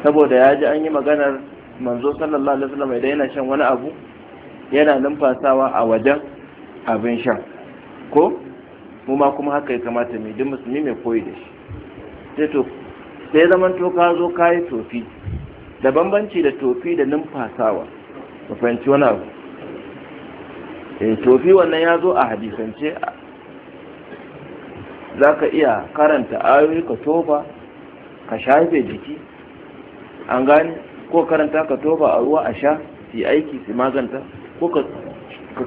saboda ya ji an yi maganar manzo sallallahu alaihi wasallam idan yana shan wani abu yana numfasawa a wajen abin shan ko mu ma kuma haka ya kamata mu duk musulmi mai koyi da shi sai to sai zaman to ka zo ka yi tofi da bambanci da tofi da numfasawa ku fahimci wani abu eh tofi wannan ya zo a hadisance za ka iya karanta ayoyi ka tofa ka shafe jiki an gane ko karanta ka toba a ruwa a sha su aiki su maganta ko ka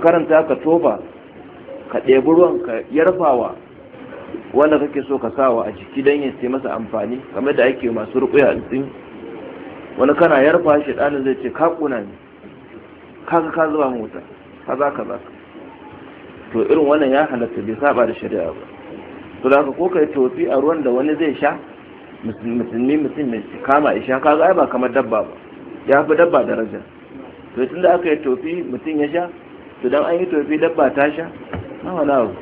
karanta ka toba ka ɗebi ruwan ka yarfawa wanda kake so ka sawa a jiki don ya sai masa amfani kamar da ake masu rukuya tsin wani kana yarfa shi ɗanin zai ce ka ne kaga ka zuba mota za. ka to irin wannan ya halatta bai saba da shari'a ba to da ko kai tofi a ruwan da wani zai sha musulmi mutum mai kama isha ka ai ba kamar dabba ba ya fi dabba daraja to tun da aka yi tofi mutum ya sha to dan an yi tofi dabba ta sha na wani abu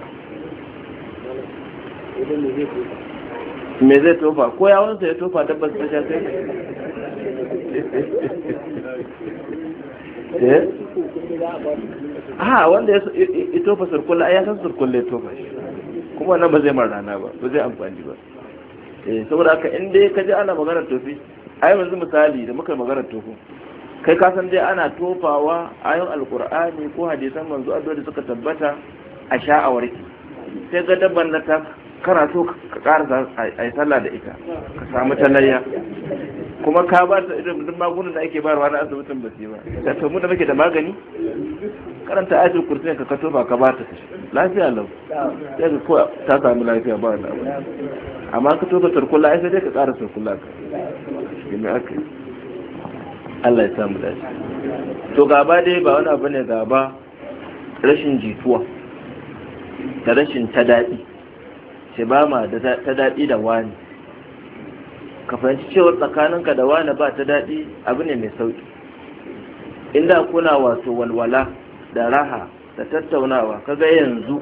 me zai tofa ko ya yawansa ya tofa dabba ta sha sai a eh? ah, wanda ya tofa surkulle ai ya san surkulle tofa shi kuma nan ba zai mara rana ba ba zai amfani ba eh saboda haka in dai ka je ana magana tofi ai yanzu misali da muka magana tofi kai kasan dai ana tofawa ayon alkur'ani ko hadisan manzo addu'a da suka tabbata a sha'awar ki sai ga dabban da ta kana so ka ƙara a yi sallah da ita ka samu tanayya kuma ka ba ta irin duk magunan da ake bayarwa na asibitin basi ba da kamu da muke da magani karanta ajin kursi ka ka tofa ka ba ta lafiya lau sai ta samu lafiya ba da abu amma ka toka tarkulla ai sai dai ka tsara tarkulla ka gani aka yi Allah ya samu dace to gaba dai ba wani abu ne gaba rashin jituwa da rashin ta daɗi ce ba ma ta daɗi da wani ka fahimci cewar tsakaninka da wani ba ta daɗi abu ne mai sauƙi inda kuna wato walwala da raha da tattaunawa kaga yanzu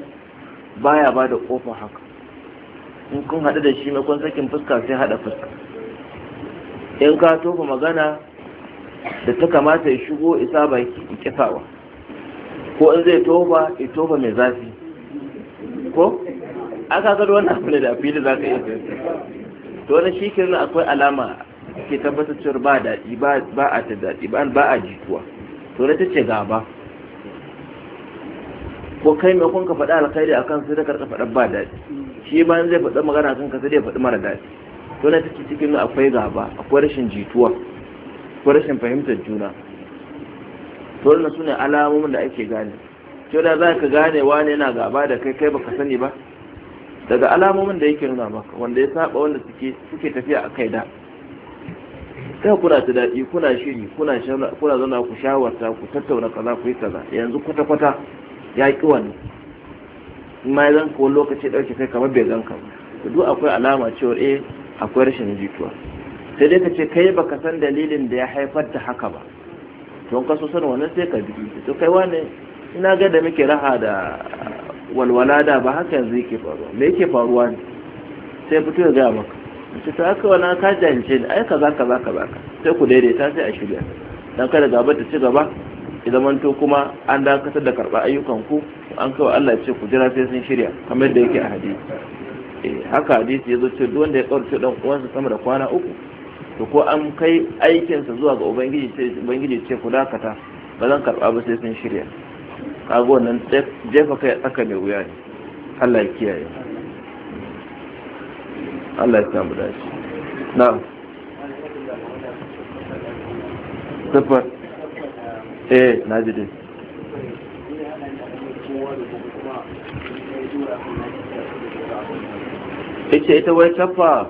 baya ba da ƙofa haka in kun haɗu da shi makon sakin fuska sai haɗa fuska in ka tofa magana da ta kamata ya shigo isa baki kisawa ko in zai tofa ya tofa mai zafi ko aka ga wannan abu ne da fili za ka iya to wani shi kirin akwai alama ke tabbatar cewa ba daɗi ba a ta daɗi ba a jituwa to na ta ce gaba ko kai mai kun ka faɗa alkhairi akan sai da karka faɗa ba daɗi shi ma zai faɗi magana kan kasa, zai ya faɗi mara daɗi to na take cikin akwai gaba akwai rashin jituwa akwai rashin fahimtar juna to wannan sune alamomin da ake gane to da za ka gane wani yana gaba da kai kai baka sani ba daga alamomin da yake nuna maka wanda ya saba wanda suke suke tafiya a kai da sai kuna ta daɗi kuna shiri kuna kuna zauna ku shawarta ku tattauna kaza ku yi kaza yanzu kwata kwata ya ƙi wani ma zan ko lokaci ɗauke kai kamar bai ganka ba duk akwai alama cewa eh akwai rashin jituwa sai dai ka ce kai baka san dalilin da ya haifar da haka ba to ka so san wannan sai ka bi to kai wane ina ga da muke raha da walwala da ba haka yanzu yake faruwa me yake faruwa ne sai fito ya gaya maka ce ta haka wani ka jance ai kaza kaza kaza sai ku daidaita sai a shirya dan kada gaba ta ci gaba izamanto kuma an dakatar da karɓar ayyukan ku an kawo Allah ce ku jira sai sun shirya kamar da yake a hadisi eh haka hadisi ya zo ce duk wanda ya kaurace dan uwansa sama da kwana uku to ko an kai aikinsa zuwa ga ubangiji ce ubangiji ce ku dakata ba zan karɓa ba sai sun shirya kaga wannan jefa kai tsaka mai wuya ne Allah ya kiyaye Allah ya samu dace na sifar eh na ji din ita ita wai tafa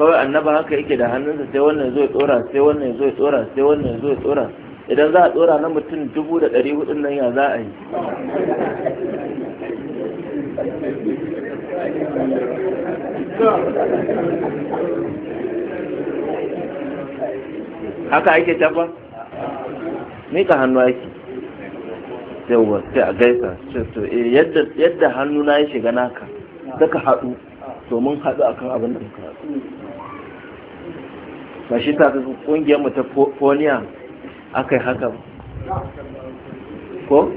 kawai annaba haka yake da hannunsa sai wannan zai tsora sai wannan zai tsora sai wannan zai tsora idan za a tsora na mutum dubu da ɗari hudu nan ya za a yi haka ake tafa mika hannu yake yawwa sai a gaisa to eh yadda yadda hannu na ya shiga naka daga haɗu to mun haɗu akan abin da muka haɗu ba shi ta ga kungiyar mu ta foniya akai haka ko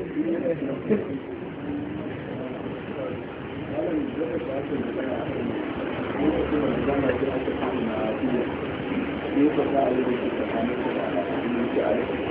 Thank you.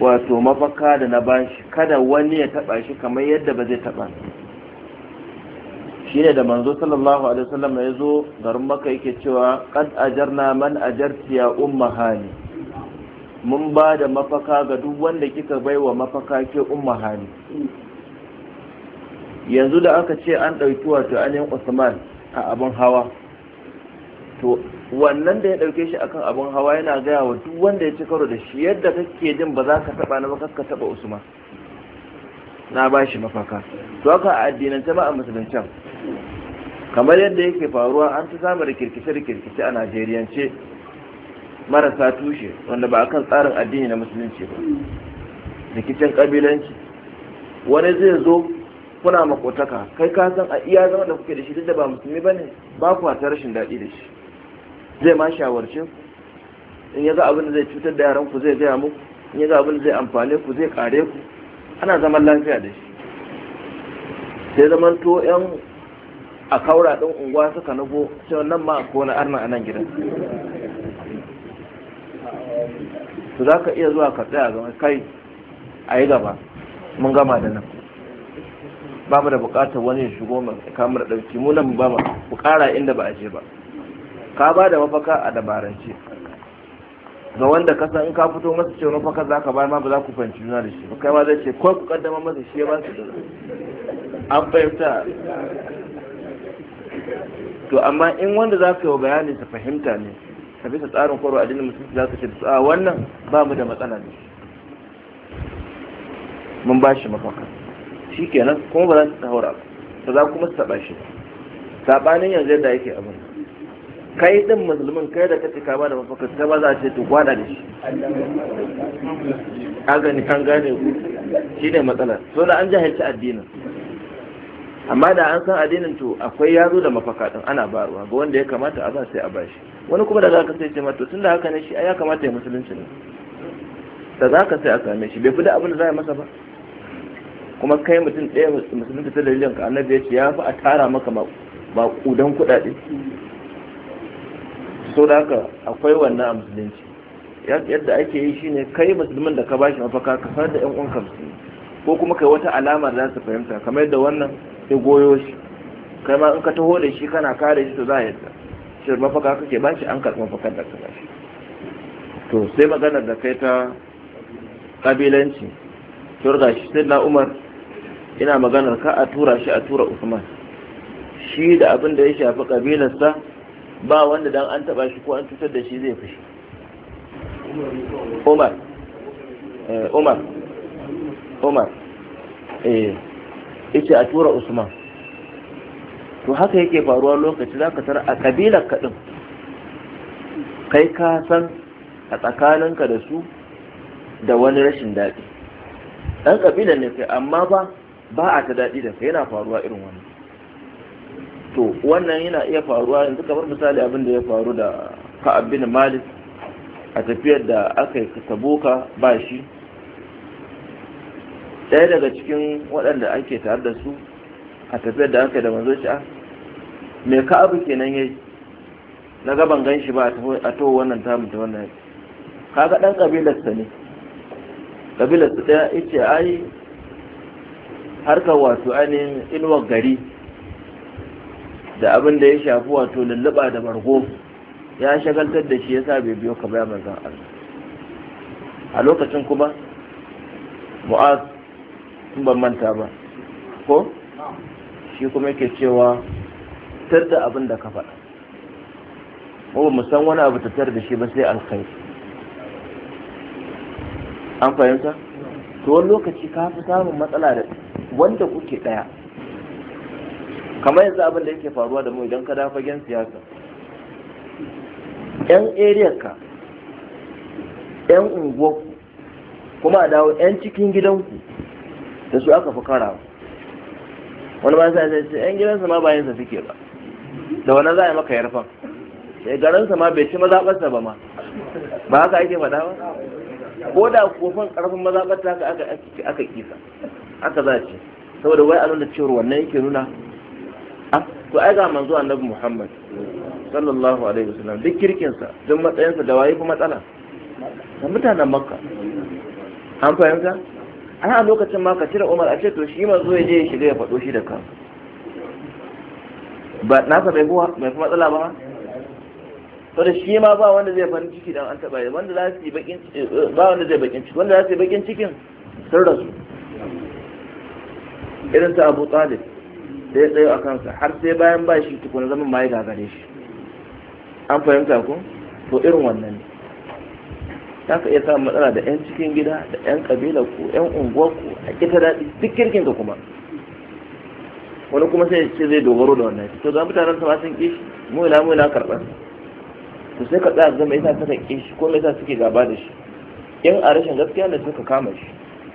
wato mafaka da na bashi kada wani ya taba shi kamar yadda ba zai taba ne da manzo sallallahu alaihi wasallam ya zo garin maka yake cewa qad ajarna man ajarti ya umma hani mun ba da mafaka ga duk wanda kika baiwa mafaka ke umma hani yanzu da aka ce an ɗauki wato ainihin usman a abin hawa to wannan da ya ɗauke shi akan abin hawa yana gaya wa duk wanda ya ci karo da shi yadda kake jin ba za ka taɓa na ba ka taɓa usman na ba shi mafaka to haka a addinance ba a musulunci. kamar yadda yake faruwa an ta samu rikirkice rikirkice a najeriyance marasa tushe wanda ba akan tsarin addini na musulunci ba rikicin kabilanci wani zai zo kuna makotaka kai ka san a iya zama da kuke da shi duk da ba musulmi bane ba ku ta rashin daɗi da shi zai ma shawarce in ya ga abin da zai cutar da yaran ku zai gaya muku in ya ga abin da zai amfane ku zai kare ku ana zaman lafiya da shi sai zaman to yan a kaura ɗin unguwa suka nufo sai wannan ma ko na arna a nan gidan to za ka iya zuwa ka tsaya zama kai a yi gaba mun gama da nan ba mu da bukatar wani ya shigo mu kamar ɗauki mu nan ba mu ƙara inda ba a je ba ka ba da mafaka a dabarance ga wanda ka san in ka fito masa ce mafaka za ka bayar ma ba za ku fahimci juna da shi ba kai ma zai ce ko ku kaddama masa shi ya ba su an fahimta to amma in wanda za ka yi bayani ta fahimta ne ka bisa tsarin koro addinin musulunci za ka ce da su a wannan ba mu da matsala ne mun ba shi mafaka shi kenan kuma ba za su tahura ba za kuma su taɓa shi saɓanin yanzu yadda yake abin kai din musulmin kai da kace ka ba da mafaka ta ba za a ce to da shi a gani kan gane ku ne matsalar so da an jahilci addinin amma da an san addinin to akwai yazo da mafaka din ana baruwa ga wanda ya kamata a za sai a bashi wani kuma da zaka sai ce ma to da haka ne shi ya kamata ya musulunci ne da zaka sai a same shi bai fi da abin da za a masa ba kuma kai mutum ɗaya musulunci ta dalilin ka annabi ya ce ya fi a tara maka ba kudan kuɗaɗe so da haka akwai wannan a musulunci yadda ake yi shine kai musulmin da ka bashi mafaka ka sanar da yan uwanka ko kuma kai wata alamar da su fahimta kamar yadda wannan ya goyo shi kai ma in ka taho da shi kana kare shi to za a yadda shi mafaka kake bashi an karɓi mafakar da ka bashi to sai maganar da kai ta kabilanci to ga shi sai na umar ina maganar ka a tura shi a tura usman shi da abin da ya shafi kabilarsa ba wanda dan an taba shi ko an cutar da shi zai fushi umar eh, umar umar eh ita a tura usman to haka yake faruwa lokaci zaka ka tara a kabilar ka din kai ka san a tsakaninka da su da wani rashin daɗi ɗan ƙabilar ne kai amma ba ba a ta daɗi da kai yana faruwa irin wani to wannan yana iya faruwa yanzu kamar misali abin da ya faru da ka'ab bin malik a tafiyar da aka yi saboka ba shi ɗaya daga cikin waɗanda ake tare da su a tafiyar da aka yi da manzo shi a ah, mai ka'abu kenan ya yi na gaban gan shi ba a to wannan tamu ta wannan kaga ɗan ƙabilarsa ne ƙabilarsa ɗaya ita ai harkar wato ainihin inuwar gari da abin da ya shafi wato lulluɓa da bargo ya shagaltar da shi ya bai biyo ka ba manzan Allah a lokacin kuma mu'az sun ban manta ba ko shi kuma yake cewa tar da abin da ka faɗa ko mu san wani abu tattar da shi ba sai alkai an fahimta to wani lokaci ka fi samun matsala da wanda kuke ɗaya kamar yanzu abin da yake faruwa da mu idan ka dafa fagen siyasa yan area ka yan unguwarku kuma a dawo yan cikin gidanku da su aka fi karawa wani bayan sai sai yan gidansa ma bayansa suke ba da wani za a yi maka yarfan garinsa ma bai ci mazaɓarsa ba ma ba haka ake faɗa ba ko da kofan ƙarfin mazaɓarta haka aka kisa aka za ce saboda wai a nuna cewar wannan yake nuna Ah, to ai ga manzo annabi Muhammad sallallahu alaihi wasallam duk sa duk matsayinsa da waye kuma matsala da mutanen makka an fahimta ai a lokacin ma ka tira umar a ce to shi manzo ya je ya shiga ya faɗo shi da ka ba nasa bai kuwa Mai fa matsala ba to da shi ma ba wanda zai farin ciki dan an taɓa yi wanda za su yi bakin eh, ba wanda zai bakin ciki wanda za su yi bakin cikin sun rasu irin ta Abu Talib sai ya tsayo a kansa har sai bayan ba shi tukun zaman ma ya gagare shi an fahimta ku to irin wannan ne ta ka iya samun matsala da 'yan cikin gida da 'yan kabila ku 'yan unguwa ku a kita daɗi duk kirkin ka kuma wani kuma sai ce zai dogaro da wannan to za mutanen sama sun kishi mu ila mu ila karɓar to sai ka tsaya zama yasa suka kishi ko me yasa suke gaba da shi in a rashin gaskiya ne suka kama shi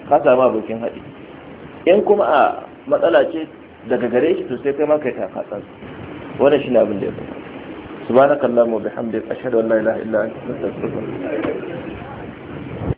ka samu abokin haɗi in kuma a matsala ce daga gare shi to sai kai ma kai taka tsantsan wannan shine abin da ya faru subhanakallahumma bihamdika ashhadu an la ilaha illa anta astaghfiruka